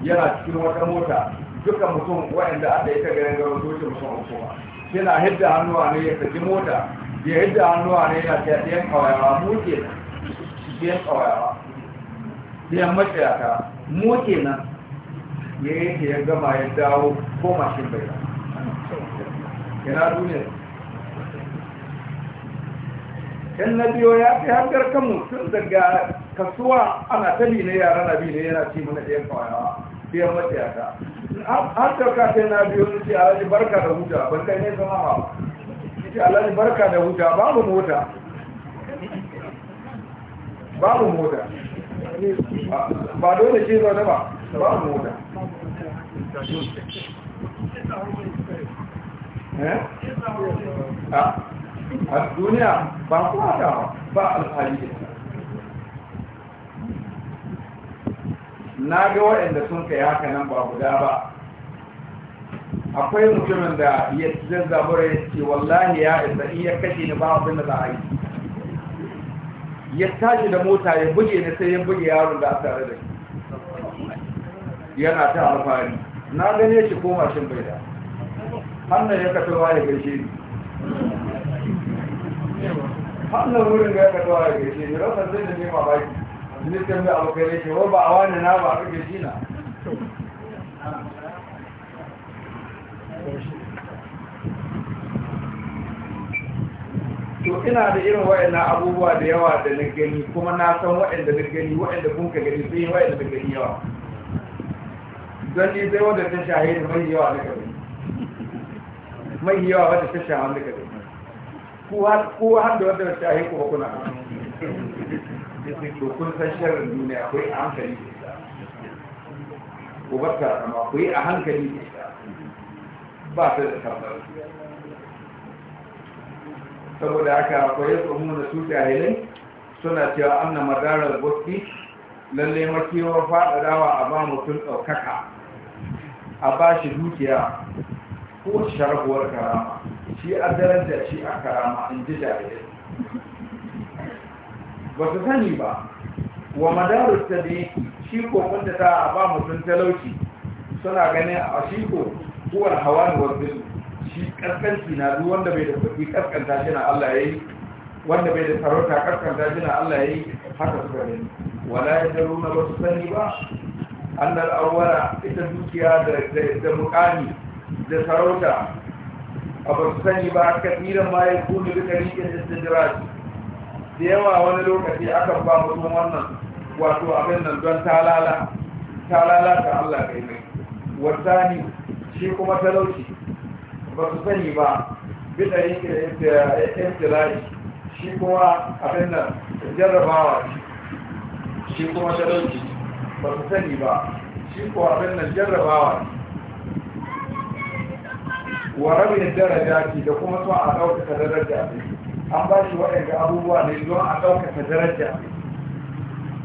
yana cikin wata mota duka mutum waɗanda aka yi ta garin garin doce mutum a ba yana hidda hannuwa ne ya saki mota ya hidda hannuwa ne yana ta ɗayan kawayawa mu kenan ɗayan kawayawa yan matsayaka mu kenan ya ta ya gama ya dawo ko mashin bai yana duniya in na biyo ya fi hankar kanmu tun daga kasuwa ana tabi ne yara na biyu ne yana ci mana ɗayan ya biyan matsayata hankar kafin na biyo ni ce alaji barka da huta ban kai ne sama ba ni ce alaji barka da huta babu mota babu mota ba dole ce zaune ba babu mota eh? Ah. a duniya ba kwata ba alfahari da ita na ga waɗanda sun kai haka nan ba guda ba akwai mutumin da ya zan zabura ya ce wallahi ya isa in ya kashe ni ba abin da za a yi ya tashi da mota ya buge ni sai ya buge yaron da a tare da shi yana ta alfahari na gane shi ko mashin bai da hannun ya kasawa ya gaishe ni hannun wurin ga yaka zuwa ga shi ne rasa zai da nema baki ministan da abu kare shi ba a wani na ba a kake shi na to ina da irin wa'ina abubuwa da yawa da na gani kuma na san wa'inda na gani wa'inda kun ka gani sai wa'inda na gani yawa don ni sai wanda ta shahe da mai yawa na gani mai yawa wanda ta shahe na gani ko har da wadda ta yi kuma kuna to kun san sharrin duniya akwai a hankali da ita ku barka amma ku yi a hankali da ita ba ta da tabbar saboda haka akwai tsohon da su jahilai suna cewa an na madarar boski lalle makewar faɗaɗawa a ba mutum ɗaukaka a ba shi dukiya ko sharafuwar karama shi a daraja shi a karama in ji jahilai ba su sani ba wa madarus ta shi ko da ta ba mutum talauci suna ganin a shi ko kuwar hawa ne wanzu. shi kaskanci na duk wanda bai da sauki kaskanta shi na Allah ya yi wanda bai da sarauta kaskanta shi na Allah ya yi haka suka gani wala ya zaro na ba su sani ba da al'awara ita dukiya da mukami da sarauta sani ba kafiran ma ya kuni da karikin istijiraj da yawa wani lokaci akan ba mutum wannan wato abin nan don talala talala ta Allah kai mai eh, ne shi kuma talauci ba su sani ba bi karikin istijiraj shi kuma abin nan jarrabawa shi kuma talauci ba su sani ba shi kuma abin nan jarrabawa wa daraja darajati da kuma son a ɗaukaka daraja an ba shi waɗanda abubuwa ne don a ɗaukaka daraja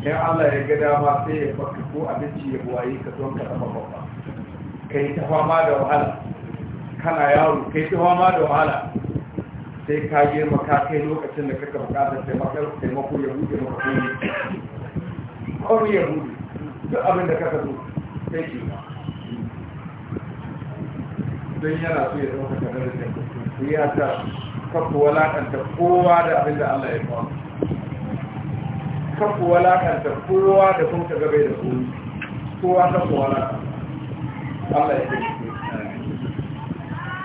in Allah ya ga dama sai ya baka ko abinci ya buwaye ka don ka zama babba kai ta fama da wahala kana yaro kai ta fama da wahala sai ka girma ka kai lokacin da kaka bukatar taimakon taimako ya buɗe maka kuma ya buɗe duk abin da kaka so sai ke ba don yana so ya zama da ke ku ya ta kafu walakanta kowa da abin da Allah ya kawo kafu walakanta kowa da kuma ka gabe da kowa kowa kafu walakanta Allah ya kai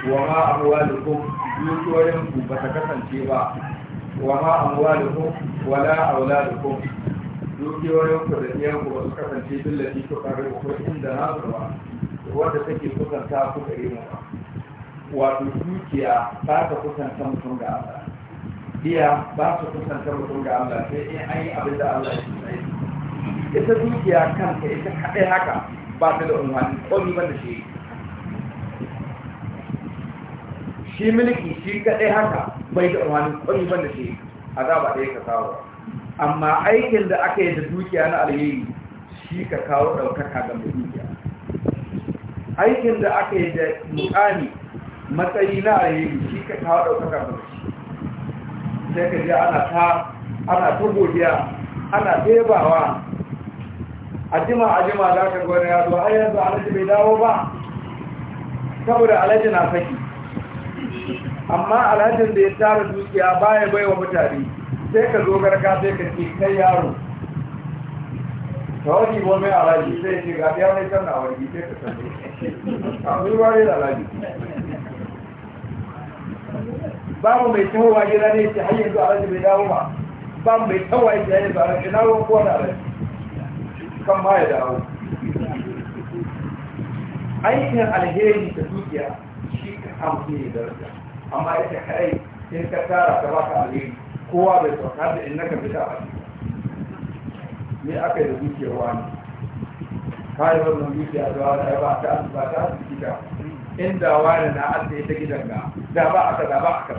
wa ma amwalukum dukiyoyin ku ba ta kasance ba wa ma da amwalukum wala auladukum dukiyoyin ku da iyan ku ba su kasance billati ko kare ko inda na ba Wanda take kusanta ku gare mu wato dukiya ba ta kusanta mutum da Allah biya ba ta kusanta mutum da Allah sai in an yi abin da Allah ya tsaye ita dukiya kanta ita kaɗai haka ba ta da umarni komi ban da shi shi miliki shi kaɗai haka bai da umarni komi ban da shi azaba ɗaya ka kawo amma aikin da aka yi da dukiya na alheri shi ka kawo ɗaukaka ga mai dukiya aikin da aka yi da mukami matsayi na alheri shi ka kawo ɗaukaka ba shi sai ka je ana ta ana ta godiya ana tebawa a jima a jima za ka gwada ya zo har yanzu alhaji bai dawo ba saboda alhaji na saki amma alhajin da ya tara dukiya baya baiwa mutane sai ka zo garka sai ka ce kai yaro kawai ko mai alaji sai ce ga ɗaya mai sanna a wargi sai ka sanne a ruwa ne da ba mu mai tahowa gida ne ce hanyar zuwa alaji bai dawo ba babu mai tahowa ake ce hanyar zuwa alaji na ruwan kowane alaji kan ma ya dawo aikin alheri da dukiya shi ka hamsu ne da rasa amma ya ce kai sai ka tara ka baka alheri kowa bai sauka da in na ka fita a ciki ne aka yi da dukiyar wani kayan wannan dukiya da wani ya ba ta ba ta asibiti ka inda wani na asibiti ta gidan ga da ba aka da ba aka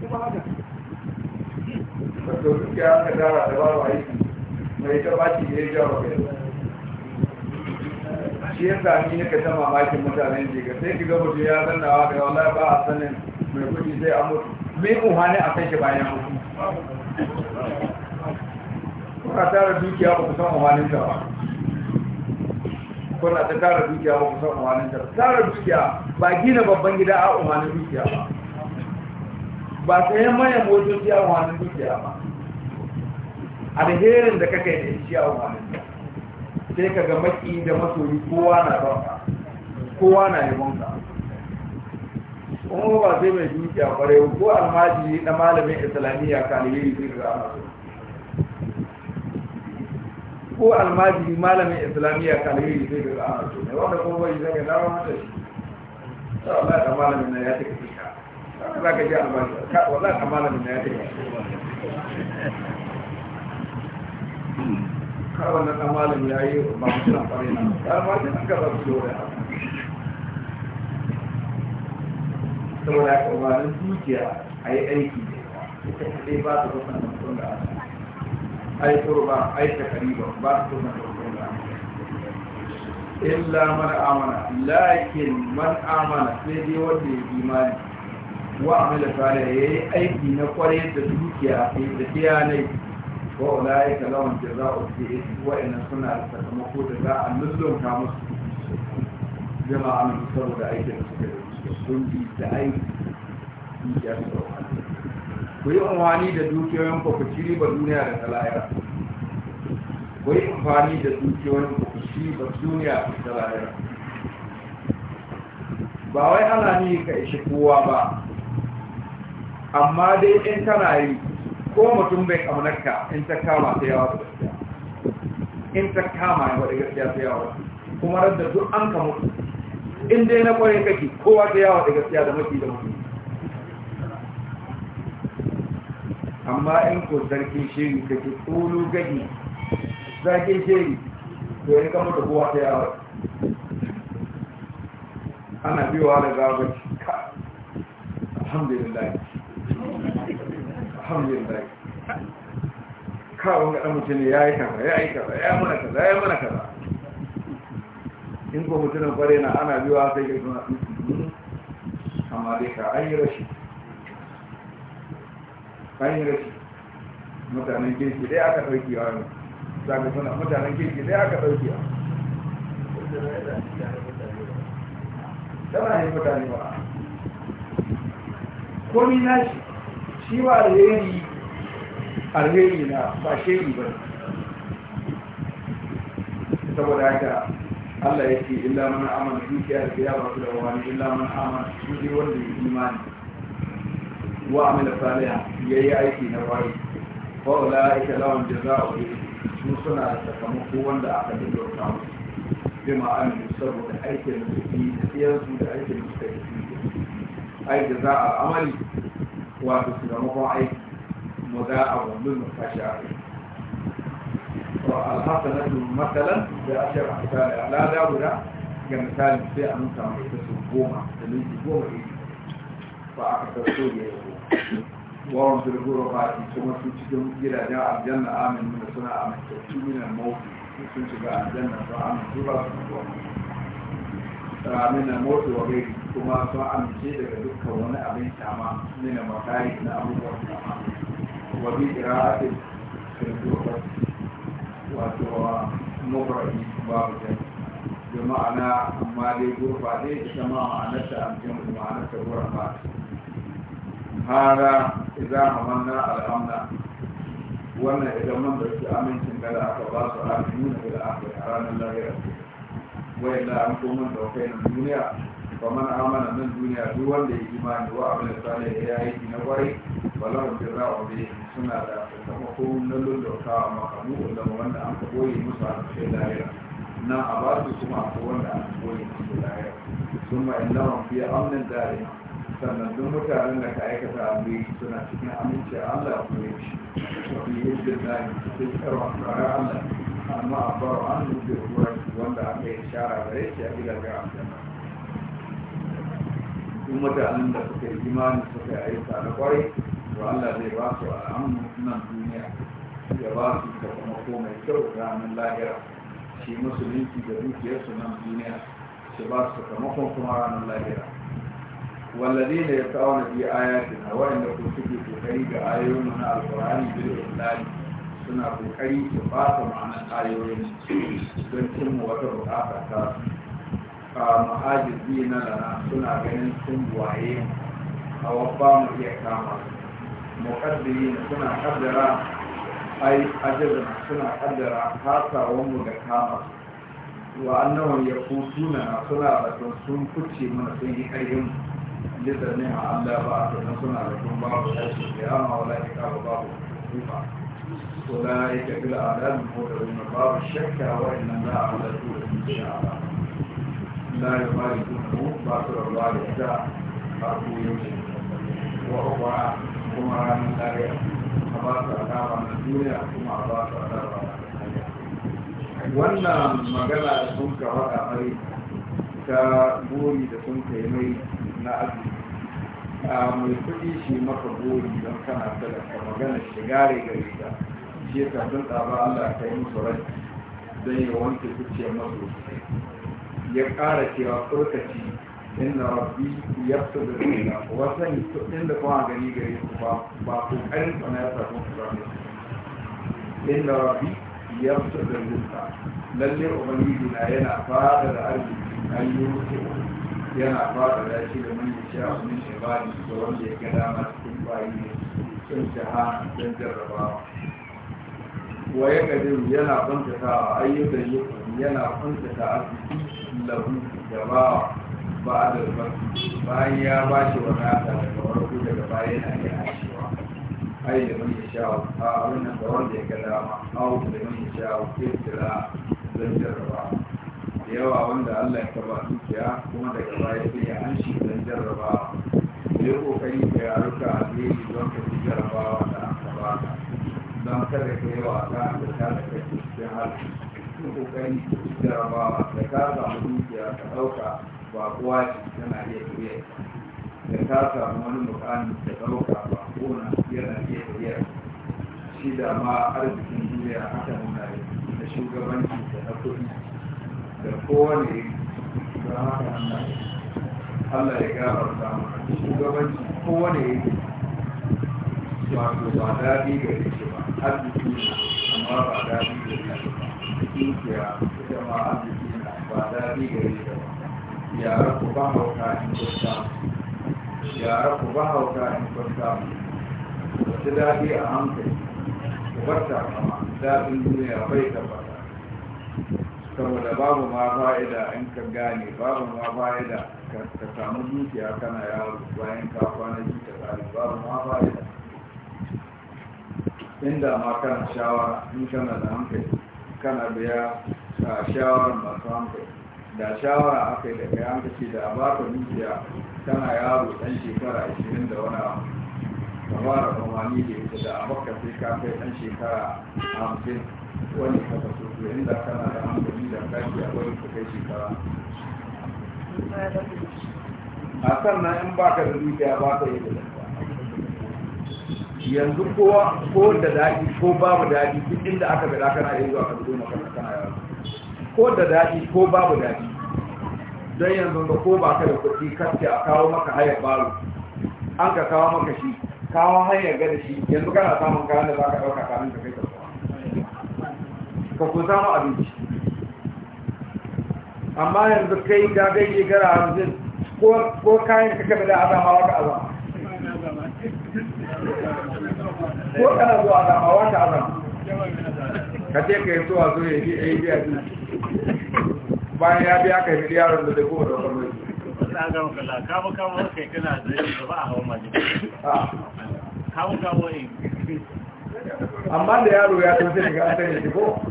kuma haka wato dukiya aka dara da ba wa yi mai ta ba da ya ja ga kai shi ya sami ne ka ta mamakin mutanen jiga sai ki gaba ya wa da wallahi ba a sanin mai kudi sai a mutu me ne a kai shi bayan mutu kuna tara dukiya ba ku san umarnin ta ba kuna ta tara dukiya ba ku san umarnin ta tara dukiya ba gina babban gida a umarnin dukiya ba ba sayan maye motoci a umarnin dukiya ba alherin da kaka yi da shi a umarnin ta sai ka ga maki da masoyi kowa na ranka kowa na yabonka kuma ba zai mai dukiya kwarewa ko almajiri na malamin islamiyya kan yi ga masu ko almajiri malamin islamiyya kaliri zai ga a to ne wanda kuma bai zai ga dawo mata shi to Allah malamin na ya take fika za ka ji almajiri ka wallahi malamin na ya take ka wannan ka malamin ya yi ba mutum an fare na almajiri an gaba su dole saboda ka ba nan dukiya a yi aiki ne ita kaɗai ba ta kusa da mutum da Allah aikar ba aika kari ba su na tattalin illa mana amana lakin man amana sai dai wanda ya yi mani wa amila kare ya yi aiki na kware da dukiya da biya ne ba wa la'aika lawan da za a ce wa ina suna da sakamako da za a nuzon ka musu jama'a mai saboda aikin da suka da su sun bi da aiki ya su ku yi amfani da dukiyoyin ku ku ciri ba duniya da talaya ku yi amfani da dukiyoyin ku ku ciri ba duniya da talaya ba wai ana ni ka ishi kowa ba amma dai in kana yi ko mutum bai kamunarka in ta kama ta yawa da gaskiya in ta kama ya wadda gaskiya ta yawa kuma da duk an kamu in dai na kwaye kake kowa ta yawa da gaskiya da mafi da mafi amma in ko zargin shiri kake tsoro gadi zargin shiri to ya kama da kowa ta yawa ana biyuwa da gabaci alhamdulillah alhamdulillah kawon ga ɗan mutum ya yi kaza ya yi kaza ya mana kaza ya mana kaza in ko mutumin fare na ana biyuwa sai ke suna amma dai ka an yi rashin an rashi mutanen kirki dai aka ɗauki wa ne zaga suna mutanen kirki dai aka ɗauki wa tana yin mutane ba komi na shi shi wa alheri alheri na ba shiri ba saboda haka Allah ya ce illa mana amana dukiya da biya ba su da wani illa mana amana shi wanda ya imani وعمل صالحا يي اي كي نواي فلا يكلون جزاء مصنع تقوم قوان دا اكد دور كام بما ان يصبوا اي كي نسي اي كي نسي اي جزاء العمل واتسلموا اي مداء ومن مفتاش عالي فالحق نجم مثلا بأشر حسان لا دا ولا كمثال في أنت عمي تسوى بومة تلوي بومة فأعطى سوريا يقول wawan firgoro fati kuma su cikin gidajen aljanna amin da suna amintattu minan mawuti sun shiga aljanna sun amintu ba su kuwa minan mawuti wa gairi kuma sun amince daga dukkan wani abin kyama minan makayi na abubuwan kyama wa bi ira'atin firgoro fati wato mafarki babu jami da ma'ana amma dai gurfa dai ita ma ma'anarta amjin ma'anarta gurfa hara idan hamanna al'amna wannan idan man da su amincin gada aka ba su a nuna da aka yi ranar lahira wai da an koma da kai na duniya ba man amana nan duniya duk wanda ya imani wa abin da sale ya yi na Ba balawar da za a bi suna da sakamako na lullauka a makamu da wanda an ka koyi musu a cikin lahira nan a ba su kuma a wanda an koyi musu lahira sun ma'in lawan fiye amnin dare sannan duk mutanen da ka aikata abin suna cikin aminci Allah ku yi shi ku yi da zai cikin karwa tsarar Allah amma a faru an nufi ruwan wanda aka yi shara da ya ce a gida ga duk mutanen da suka yi imani suka yi aika na kwarai to Allah zai ba su al'amu nan duniya ya ba su ta kuma ko mai kyau ranar lahira shi musulunci da dukiyarsu nan duniya shi ba su sakamakon kuma ranar lahira والذين da ya آياتنا وإن كنتم تكري بآيون من القرآن بالإسلام سنة تكري تفاصل عن الآيون سنتم وتبقى mahajizina lana suna ganin sun waye a wabba mu iya kama muƙaddiri suna kaddara ai ajazin suna kaddara kasawanmu da kama wa annawan ya kutu na suna batun sun kuce mana sun yi ƙarfin لذا نعم أن لا بأس نصنع لكم بعض الحيث القيامة أولئك أرباب الخطيفة أولئك في الأعلام مقربون باب الشك وإن الله على طول إن شاء الله لا يبالغونه باكر الله إذا أبو يوسف وأخرى كما رأى من ذلك أباس أدابا الدنيا ثم أباس أدابا wannan magana da sun ka faɗa mai ta buri da na azumi a mai kuɗi shi maka gori don kana talaka magana shiga rai gare ka shi ya kafin tsaba Allah ka yi musu rai don yi wanke kuciya masu ya ƙara cewa tsarkaci inda rabbi ya fi da zina wasan kuɗin da kuma gani gare su ba ku ƙarin tsana ya sa kuma tsara inda rabbi ya fi da zina lalle ubangiji na yana fara da arziki ayyuka yana fara da shi da manyan sha wani shibari da wanda ya gada masu cikin bayi ne sun shaha don jarrabawa wa ya gadiru yana kwantata ayyukan yi yana kwantata arziki lahu da ba ba a darbar bayan ya ba shi wani aka daga warko daga baya yana iya ashewa ai da manyan sha a wannan da wanda ya gada ma hau da manyan sha wa kirkira don jarrabawa yawa wanda Allah ya taba dukiya kuma daga baya sai ya an shi dan jarrabawa ya kokari ka ya ruka jeji don ka fi jarrabawa da an taba ka don kada ka yawa ka da ka da ka ci cikin halin ka kokari ka ci jarrabawa da ka samu dukiya ka ɗauka ba kowa yana iya tafiya da ka samu wani mukami da ɗauka ba kona yana iya tafiya shi da ma arzikin duniya haka nuna da shugabanci da na kuɗi da kowane da haka Allah ya gafarta mana shugabanci kowane yake wato ba daɗi ga yake ba arziki na amma ba daɗi ga yake ba dukiya ita ma arziki na ba daɗi ga yake ba yara ku ba hauka in kun samu yara ku ba hauka in kun wata daɗi a hankali ku bar ta kama daɗin duniya bai tabbata saboda babu ma fa'ida in ka gane babu ma fa'ida ka samu dukiya kana yawon bayan ka kwana ji ta tsari babu ma fa'ida inda ma kana shawara in kana da hankali kana biya a shawarar masu hankali da shawara aka yi da kai an kace da baka dukiya kana yaro dan shekara 20 da wani abu ka fara ni da ita da abokan sai ka kai dan shekara 50 wani haka so to inda kana da hankali da kashi a wani ka kai shekara a sannan in ba ka da dukiya ba ka yi da yanzu kowa ko da daɗi ko babu daɗi duk inda aka gada kana yi zuwa ka zo maka kana yaro ko da daɗi ko babu daɗi don yanzu da ko ba ka da kuɗi kaske a kawo maka hayar baro an ka kawo maka shi kawo hanyar gada shi yanzu kana samun kayan da za ka ɗauka kamin ka kai ka ba ku samu abinci amma yanzu kai da gaji gara hamsin ko kayan ka kada da azama wata azama ko kana zuwa azama wata azama ka ce ka yi zuwa zuwa ya fi a yi biya bayan ya biya ka yi yaron da zai kuma da wani kawo kawo kai kana da ba a ah. amma da yaro ya tafi daga asali ko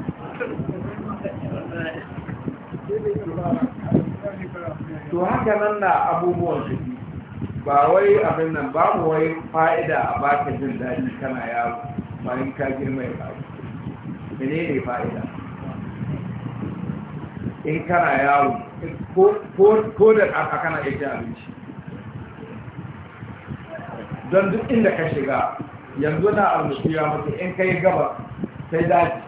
to haka nan na abubuwan su ba wai abin nan babu wai fa'ida a baka jin daji kana yaro bayan ka girma ya faru mene ne fa'ida in kana yaro ko da ƙafa kana iya abinci don duk inda ka shiga yanzu na almusu ya mutu in ka yi gaba sai daji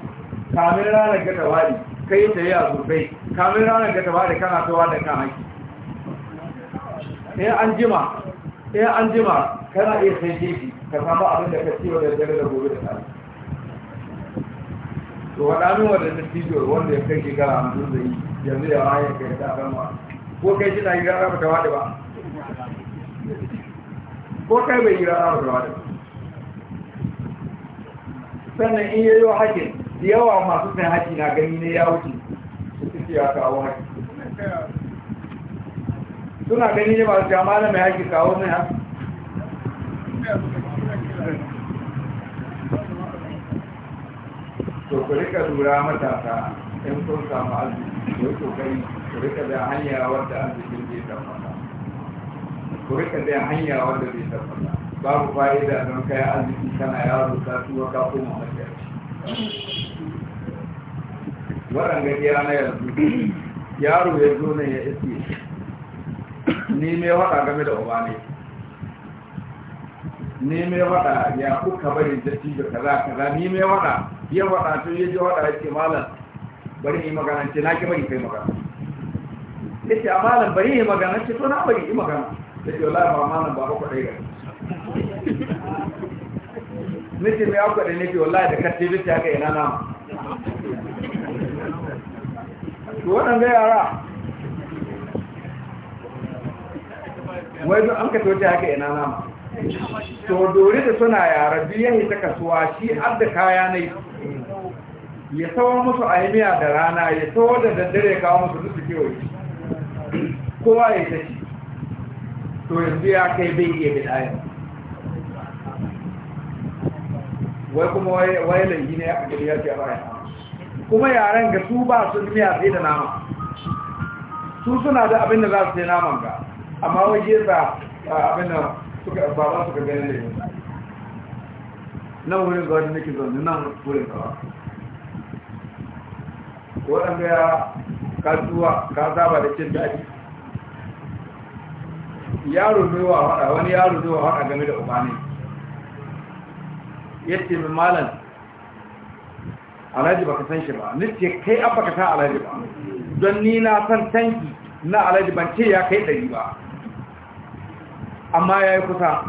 kamin ranar ga tawari kai ta yi a zurfai kamin ranar ga tawari kana towa da kan haki in an jima an jima kana iya sai jeji ka samu abin da ka ciwo da jere da gobe da tsari to faɗa min wanda ta ciwo wanda ya kai shekara hamsin zai yanzu da ka kai ta gama ko kai shi na yi rana ba tawari ba ko kai bai yi rana ba tawari ba sannan in wa hakin da yawa masu san haƙi na gani ne ya wuce su suke ya kawo haƙi suna gani ne masu jama na mai haƙi kawo mai haƙi to ku rika lura matasa in kun samu arziki ko kokari ku rika da hanya wadda arzikin zai tabbata ku rika da hanya wadda zai tabbata babu fa'ida don kai arziki kana yaro ka tuwa ka koma mafiya waɗanda kira na yanzu yaro ya zo ne ya iske ni mai waɗa game da uba ne ni mai waɗa ya kuka bari jatti da kaza kaza ni mai waɗa ya waɗa tun ya ji waɗa ya ce malam bari yi magana ce na ki bari kai magana ya ce a malam bari yi magana ce to na bari yi magana ya ce wala ba malam ba ba kwaɗai gari nace mai akwaɗe ne ke wallahi da kattai bisa ga ina nama waɗanda yara wai don an kaso ta haka ina nama to dore da suna yara biyan ta kasuwa shi har da kaya ne ya sawo musu aimiya da rana ya sawo da daddare ya kawo musu duk kewaye kowa ya ta ci to yanzu ya kai bai iya bin ayin wai kuma wai laifi ne ya kagari ya ce a baya kuma yaren ga su ba su miya sai da nama su suna da abin da za su sai naman ga amma waje ba abin da ba za su ga ganin da yin nan wurin ga wajen nake zaune nan wurin kawa waɗanda ya kasuwa ka zaba da cin daji yaro ne wa haɗa wani yaro ne wa haɗa game da ubani. yadda mai malam alhaji baka san shi ba nace kai an baka san alhaji ba don ni na san tanki na alhaji ban ce ya kai ɗari ba amma ya yi kusa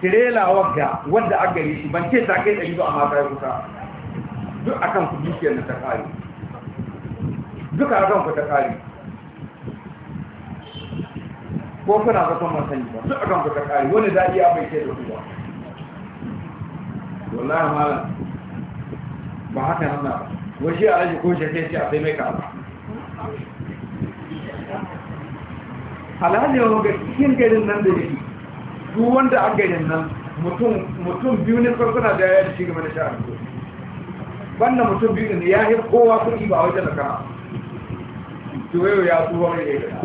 tirela wadda wadda a gari shi ban ce ta kai ɗari ba amma ta yi kusa duk akan ku dukiyar na ta kare duka akan ku ta kare ko kuna ga son masani ba duk akan ku ta kare wani daɗi a bai ce da kuwa wallahi malam ba haka nan na wasu a rashi ko shakai ce a sai mai kaza alhaji wa ga cikin garin nan da yake su wanda a garin nan mutum biyu ne suna da shi game da sha'ar ko banda mutum biyu ne ya yi kowa kuɗi ba wajen da kama? tuwayo ya tuwa mai ya gida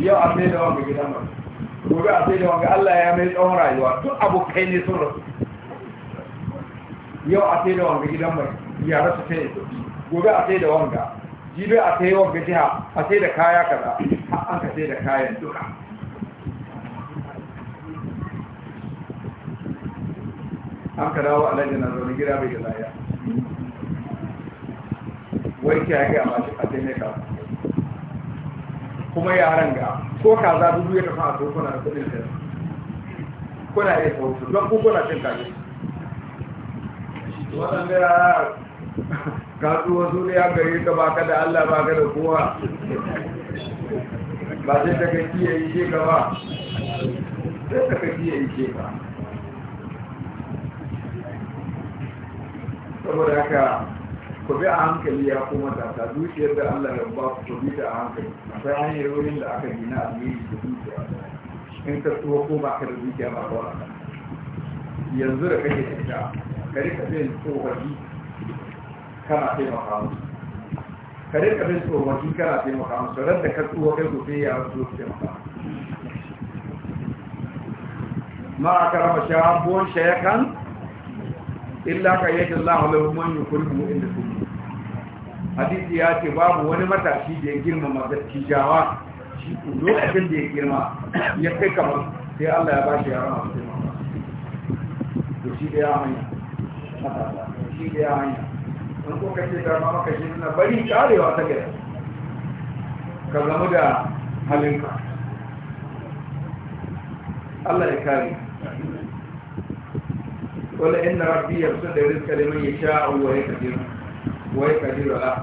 yau a sai da wanga gidan ba gobe a sai da wanga allah ya mai tsawon rayuwa tun abokai ne sun rasu yau a sai da wanga gidan mai yara su sai kuɗi gobe a sai da wanga jibe a sai wanga jiha a sai da kaya kaza har an ka sai da kayan duka an ka dawo a lajin na zaune gida bai da laya wai ke haka a taimaka kuma yaran ga ko kaza dubu ya tafi a tokuna da kudin sai kuna iya sauki don kuna cin kaji kasu wasu ne ya gari ka baka da Allah baka da kowa ba sai ta ka yi ce ka ba sai ta ka yi ce ka saboda haka ku bi a hankali ya kuma tata zuciyar da Allah ya ba ku bi da a hankali akwai hanyar wurin da aka gina a alheri da zuciya in ka tsuwa ko baka da zuciya ba kawai yanzu da kake tafiya ka bin tsohohi kana taimaka musu ka bin tsohohi kana taimaka musu ran da ka tsuwa kai gobe ya rasu taimaka ma a karama shabuwan shayakan illa ka yi da Allah manyan man yukulmu inda su hadisi ya ce babu wani matashi da ya girmama tijawa, shi cikin da ya girma ya kai kamar sai Allah ya ba shi yara masu taimaka to shi da ya hanya shi da ya hanya in ko ka ce dama maka shi nuna bari karewa ta gaya ka zama da halinka Allah ya kare wala inna rabbi yabsutu rizqa liman yasha'u wa yaqdiru wa yaqdiru la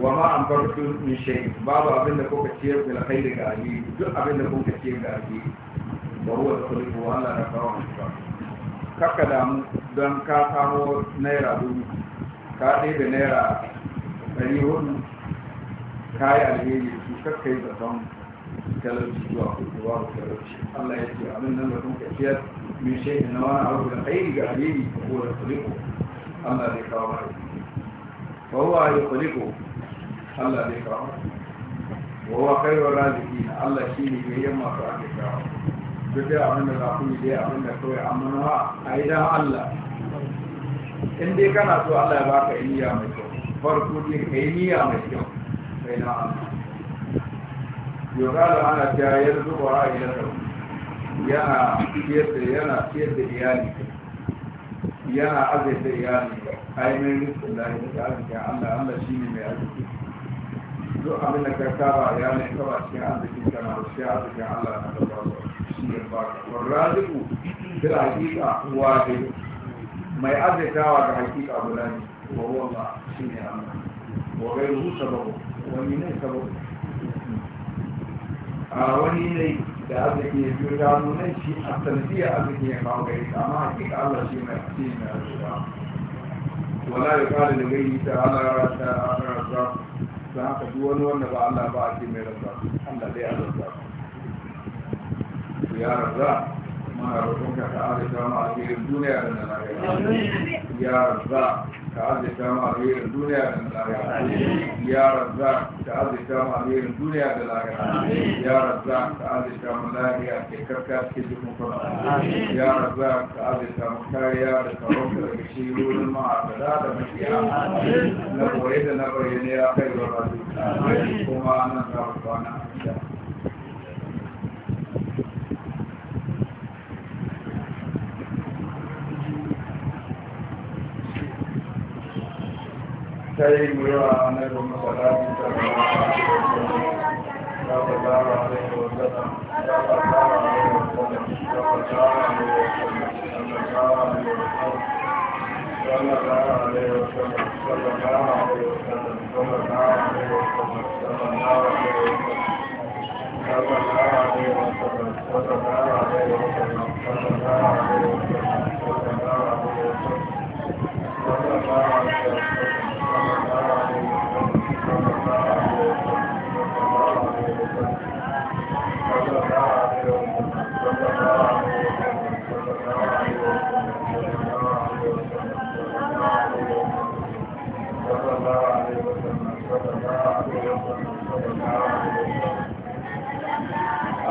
wa ma anfaqtu min shay babu abinda kuka ciyar bil khairi ga ali duk abinda kuka ciyar ga ali wa kaka damu don ka kawo naira dubu ka ɗaya naira ɗari hudu ka yi alheri su kakka yi zaton talauci zuwa ko zuwa ku talauci allah ya ce abin nan da zaton kafiyar min shehi na wani abu da ɗaya ga alheri ko kowane kuliko allah zai kawo mai wawa yi kuliko allah zai kawo kai wa raziki na allah shi ne yayin masu ake kawo duk da abin da za ku yi dai abin da kawai an manuwa a yi don Allah in dai kana so Allah ya baka niyya mai kyau farko dai ka yi niyya mai kyau kai na Allah yoga da ana ta yar zuba a idan yana ciyar da yana ciyar da iyali yana azaita iyali ainihin rikin da ya arziki Allah Allah shi ne mai arziki duk abin da ka saba iyalin ka ba cikin arzikin kana shi arzikin Allah na da ba shi ya baka warraziku hakika wa mai azaitawa ga hakika guda ne shi ne Allah wa gairu sababu wani ne sababu a wani ne da ya biyo shi a ya kawo gari amma hakika Allah shi mai shi wala ya kada da gari ta ala rasa rasa wanda ba Allah ba a ce mai rasa Allah dai ku ya razza muna roƙonka ka arzika mu alherin duniya da na lahira ya razza ka arzika mu alherin duniya da na lahira ya razza ka arzika mu alherin duniya da lahira ya razza ka arzika mu lahiya ke karka ke jikin kuma ya razza ka arzika mu kariya da tsaron daga shi wurin ma'abada da mafiya na kore da na bayyana ya kai wa razu kuma nan za mu kwana a ta yi wuya Thank you.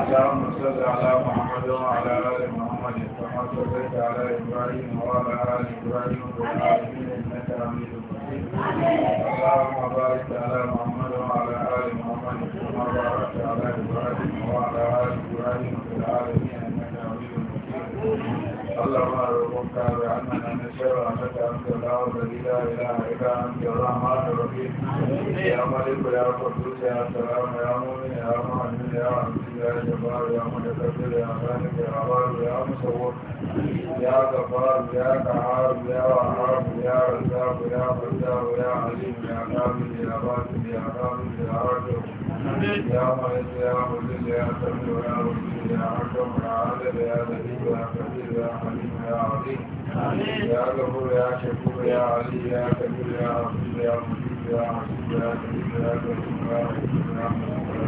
اللهم صل على محمد وعلى آل العالمين كما صليت على إبراهيم وعلى آل إبراهيم في العالمين إنك حميد مجيد اللهم بارك على محمد وعلى آل محمد كما باركت على إبراهيم وعلى آل إبراهيم في العالمين إنك حميد مجيد اللهم ارزقك باننا نشهد انك انت الله الذي لا اله الا انت الرحمن الرحيم يا ملك يا قدوس يا سلام يا مؤمن يا عزيز يا جبار يا متكبر يا خالق يا عوار يا مصور يا غفار يا قهار يا وهاب يا رزاق يا فتاح يا عليم يا كامل يا باطل يا كامل يا رجل يا ملك يا مذل يا سميع يا وكيل يا حكم يا عدل يا لطيف يا خبير يا حليم يا عظيم يا غفور يا شكور يا علي يا كبير يا عظيم يا مجيد يا عزيز يا كريم يا كريم يا حكيم يا مجيد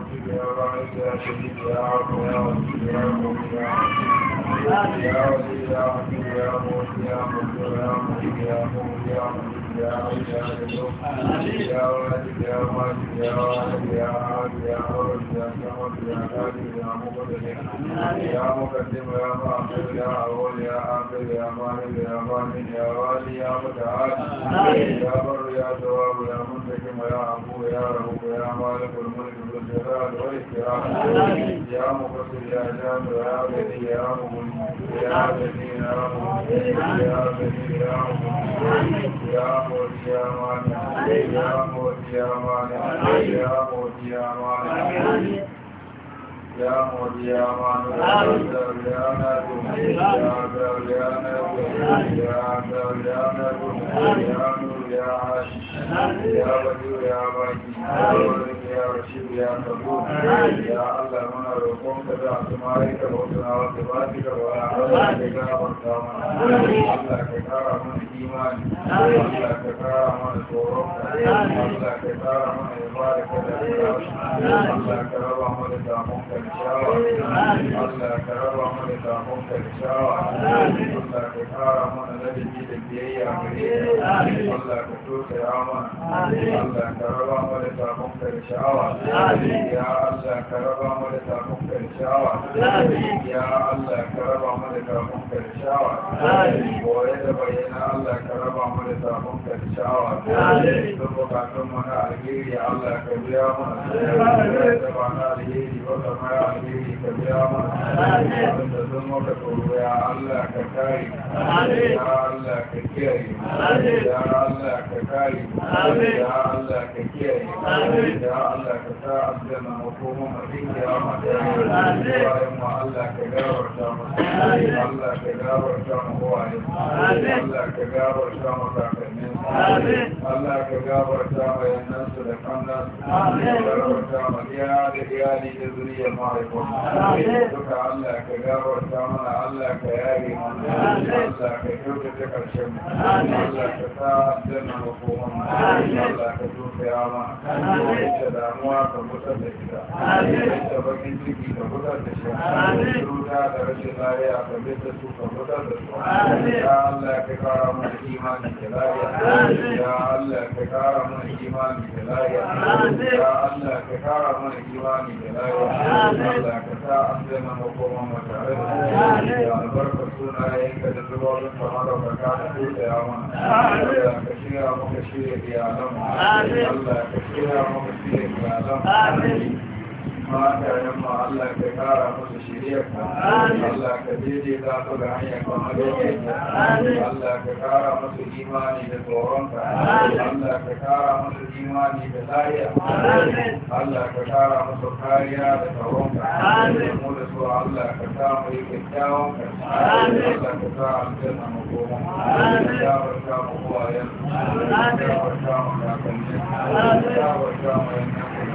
رب يا واحد يا شهيد يا عبد يا وكيل يا موت يا عبد يا ولي يا عبد يا موت يا مبر يا مبر يا مبر يا مبر Yeah. موت يا مانع يا موت يا مانع يا موت يا مانع يا موت يا مانع يا نجوم يا نجوم يا نجوم يا نجوم يا نجوم ya Allah ke karama da biyayya Allah ka tausaya mana Allah ka raba ya Allah ka raba mu ya da bayyana Allah ka raba mu da sabon karshawa ka biya mana da ba na ka biya mana ya ka ya ka ya Allah ka kare ya Allah ka kiyaye ya Allah ka sa aljanna wa kuma mutum ya mata ya mu Allah ka gawarta mu Allah ka gawarta mu wa Allah ka gawarta mu ka Allah ka gafarta bayanan su da kannan gafarta ma da iyali da zuriya mahaifin duka Allah ka gafarta mana Allah ka yari mana Allah ka kyautata karshen Allah ka sa aljanna hukumar Allah ka tuka ya mana ka damuwa ka mutar da ita ka bakin ciki ka mutar da shi cuta da rashin lafiya ka bisa su ka mutar da su Allah ka kara mana imani da lariya ya Allah ka kara mana imani da lafiya ya Allah ka kara mana imani da lafiya Allah ka sa an zai mana koma mu tare da ya albarka sunayen ka da zubarin samara ka kara tuta ya Allah ka shirya muka shirya iyalan Allah ka shirya muka shirya iyalan matayen ma Allah ka kara musu shiriyarka Allah ka daidai za su ga hanyar kamar yadda Allah ka kara musu imani da tsoronka Allah ka kara musu imani da lahiya Allah ka kara musu kariya da tsoronka mu da su Allah ka sa mu yi kyakkyawan Allah ka sa aljanna mu goma ya barka mu uwayen ya barka mu kakanni ya barka mu yanka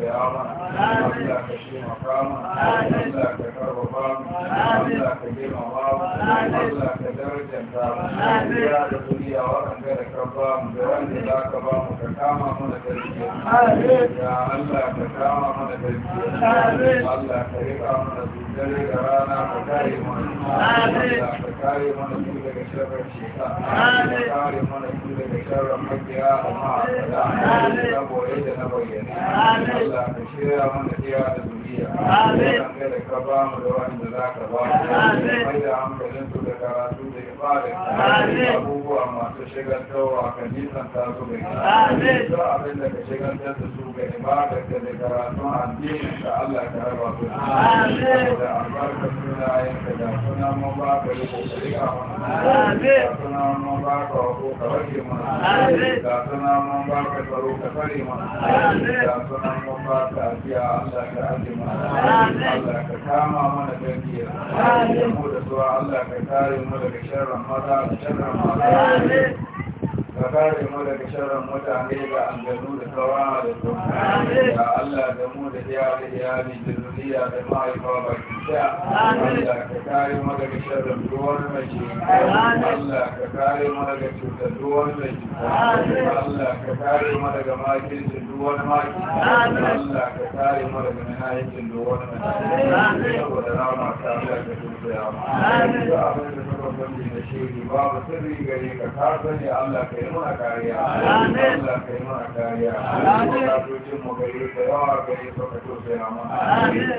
tausaya mana Allah ka taimaka mana Allah ka karfafa mana Allah ka girmama mana Allah ka darajanta mana ya da duniya waɗanda da ka ba mu da wanda za ka ba mu ka kama mana gaske ya Allah ka kama mana gaske Allah ka riƙa mana dare da rana ka kare mana Allah ka kare mana su daga sharrin shekara ka kare mana su daga sharrin makiya da ma'aikata da na boye da na bayyane Allah ka ya mana iya da lafiya da ka ba mu da wanda za ka ba mu mai da su da karatu da abubuwa masu shigantarwa ka nisanta abin da ka su ga ibada da da karatu addinin ka Allah ka raba su da da mun ba ka ka mun ba ka ka mun ba ka tsaro mun ba ka Allah ka kama mana gaskiya da zuwa Allah ka kare mu daga sharrin maza da sharrin mata فكاري ملك شر متعليق عن جنود الثواب يا الله دمود يا رجالي جنودية بما يقابل الله ككاري ملك شر دول مجي الله ككاري ملك شر دول مجي الله ككاري ملك ماكل دول ماكل الله ككاري ملك نهاية دول مجي ودراما كاملة كتب يا الله يا أبن الله باب سري غريك كارتني الله كيرا muna kariya Allah kariya bukatocin mu gare ka ka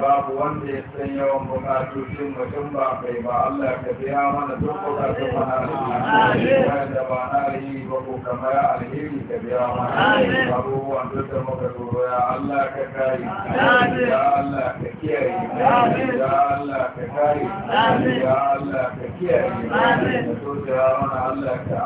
ka wanda ya san yawan bukatocin mu tun ba ba Allah ka biya mana duk bukatun mu na alheri wanda ba na ba ko kamar ka biya mana abubuwan Allah ka Allah ka kiyaye Allah ka Allah ka kiyaye ka Allah ka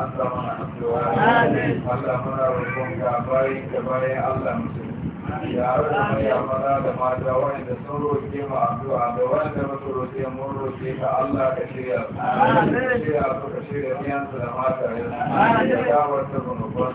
Allah muna roƙon ka bayin bayan Allah musulmi yare da maya maza da mata wanda sun roƙe mu addu'a da wanda ba su roƙe mun roƙe ka Allah ka shirya su shirya su ka shirya ɗiyansu da mata ya da dawar ta zunuban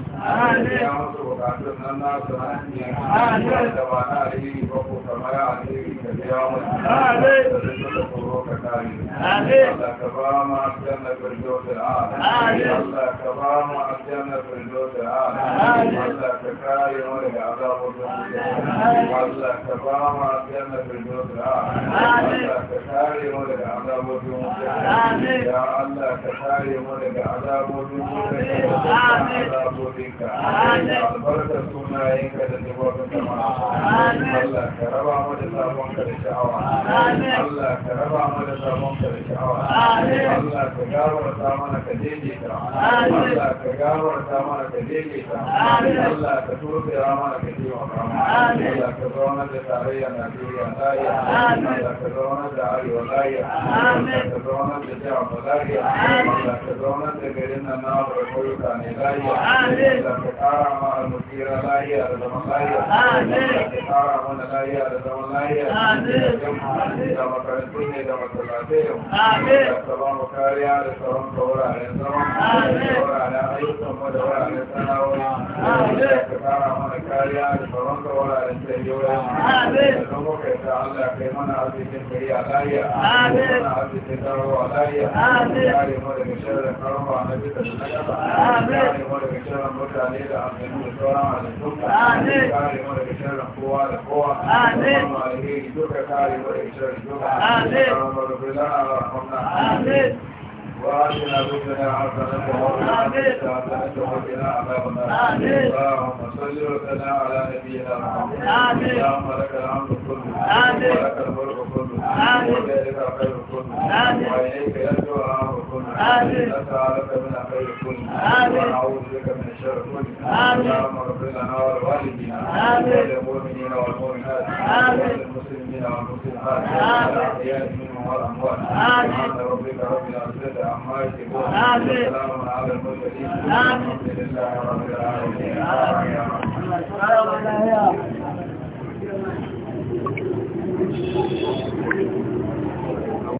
ya musu buƙatun nan na su na hanyar da ba na alheri ba ko kamar alheri ka biya musu da suka tsoro ka kare Allah ka ba mu aljanna firdausul a'la Allah ka ba mu aljanna firdausul a'la Allah ka ba ma janna firdausa ka ya Allah ka kare mana da azabar da azabobin ka albarka sunayen ka ka raba ka raba mana ka ka mana ka ka futuro te que ah, Las personas ah, Las personas de la رونت دې او بلاري الله رونت دې ګرنا نا او کوي تا نه لای الله تعالی ما مدير لای او زم لای الله تعالی ما لای او زم لای امين دا ما کوي دې دا ما صلاته امين سلام وکړي او سلام تورا سلام تورا راي سم تورا سلام امين تعالی ما کوي او سلام تورا سلام امين نو کې تعالی کې منا دې کې لای امين وعلي وعلي مولك شر الكرم وعنبيك النجم وعلي مولك شر الملك عليك عبدالله الكرم على السلطة وعلي مولك شر القوة على القوة اللهم عليه جوك وعلي مولك شر الجوك اللهم رب لنا ورحمنا وآتنا ربنا حسنة وقنا اللهم صل وسلم على نبينا محمد اللهم لك الحمد كله ولك الملك كله وبيدك الخير كله وإليك يرجو الأمر كله نسألك من الخير كله ونعوذ بك من الشر كله اللهم اغفر لنا ولوالدينا وللمؤمنين والمؤمنات المسلمين والمسلمات والأحياء منهم والأموات سبحان ربك رب العزة عما يصفون وسلام على المرسلين والحمد لله رب العالمين يا رب العالمين Thank you.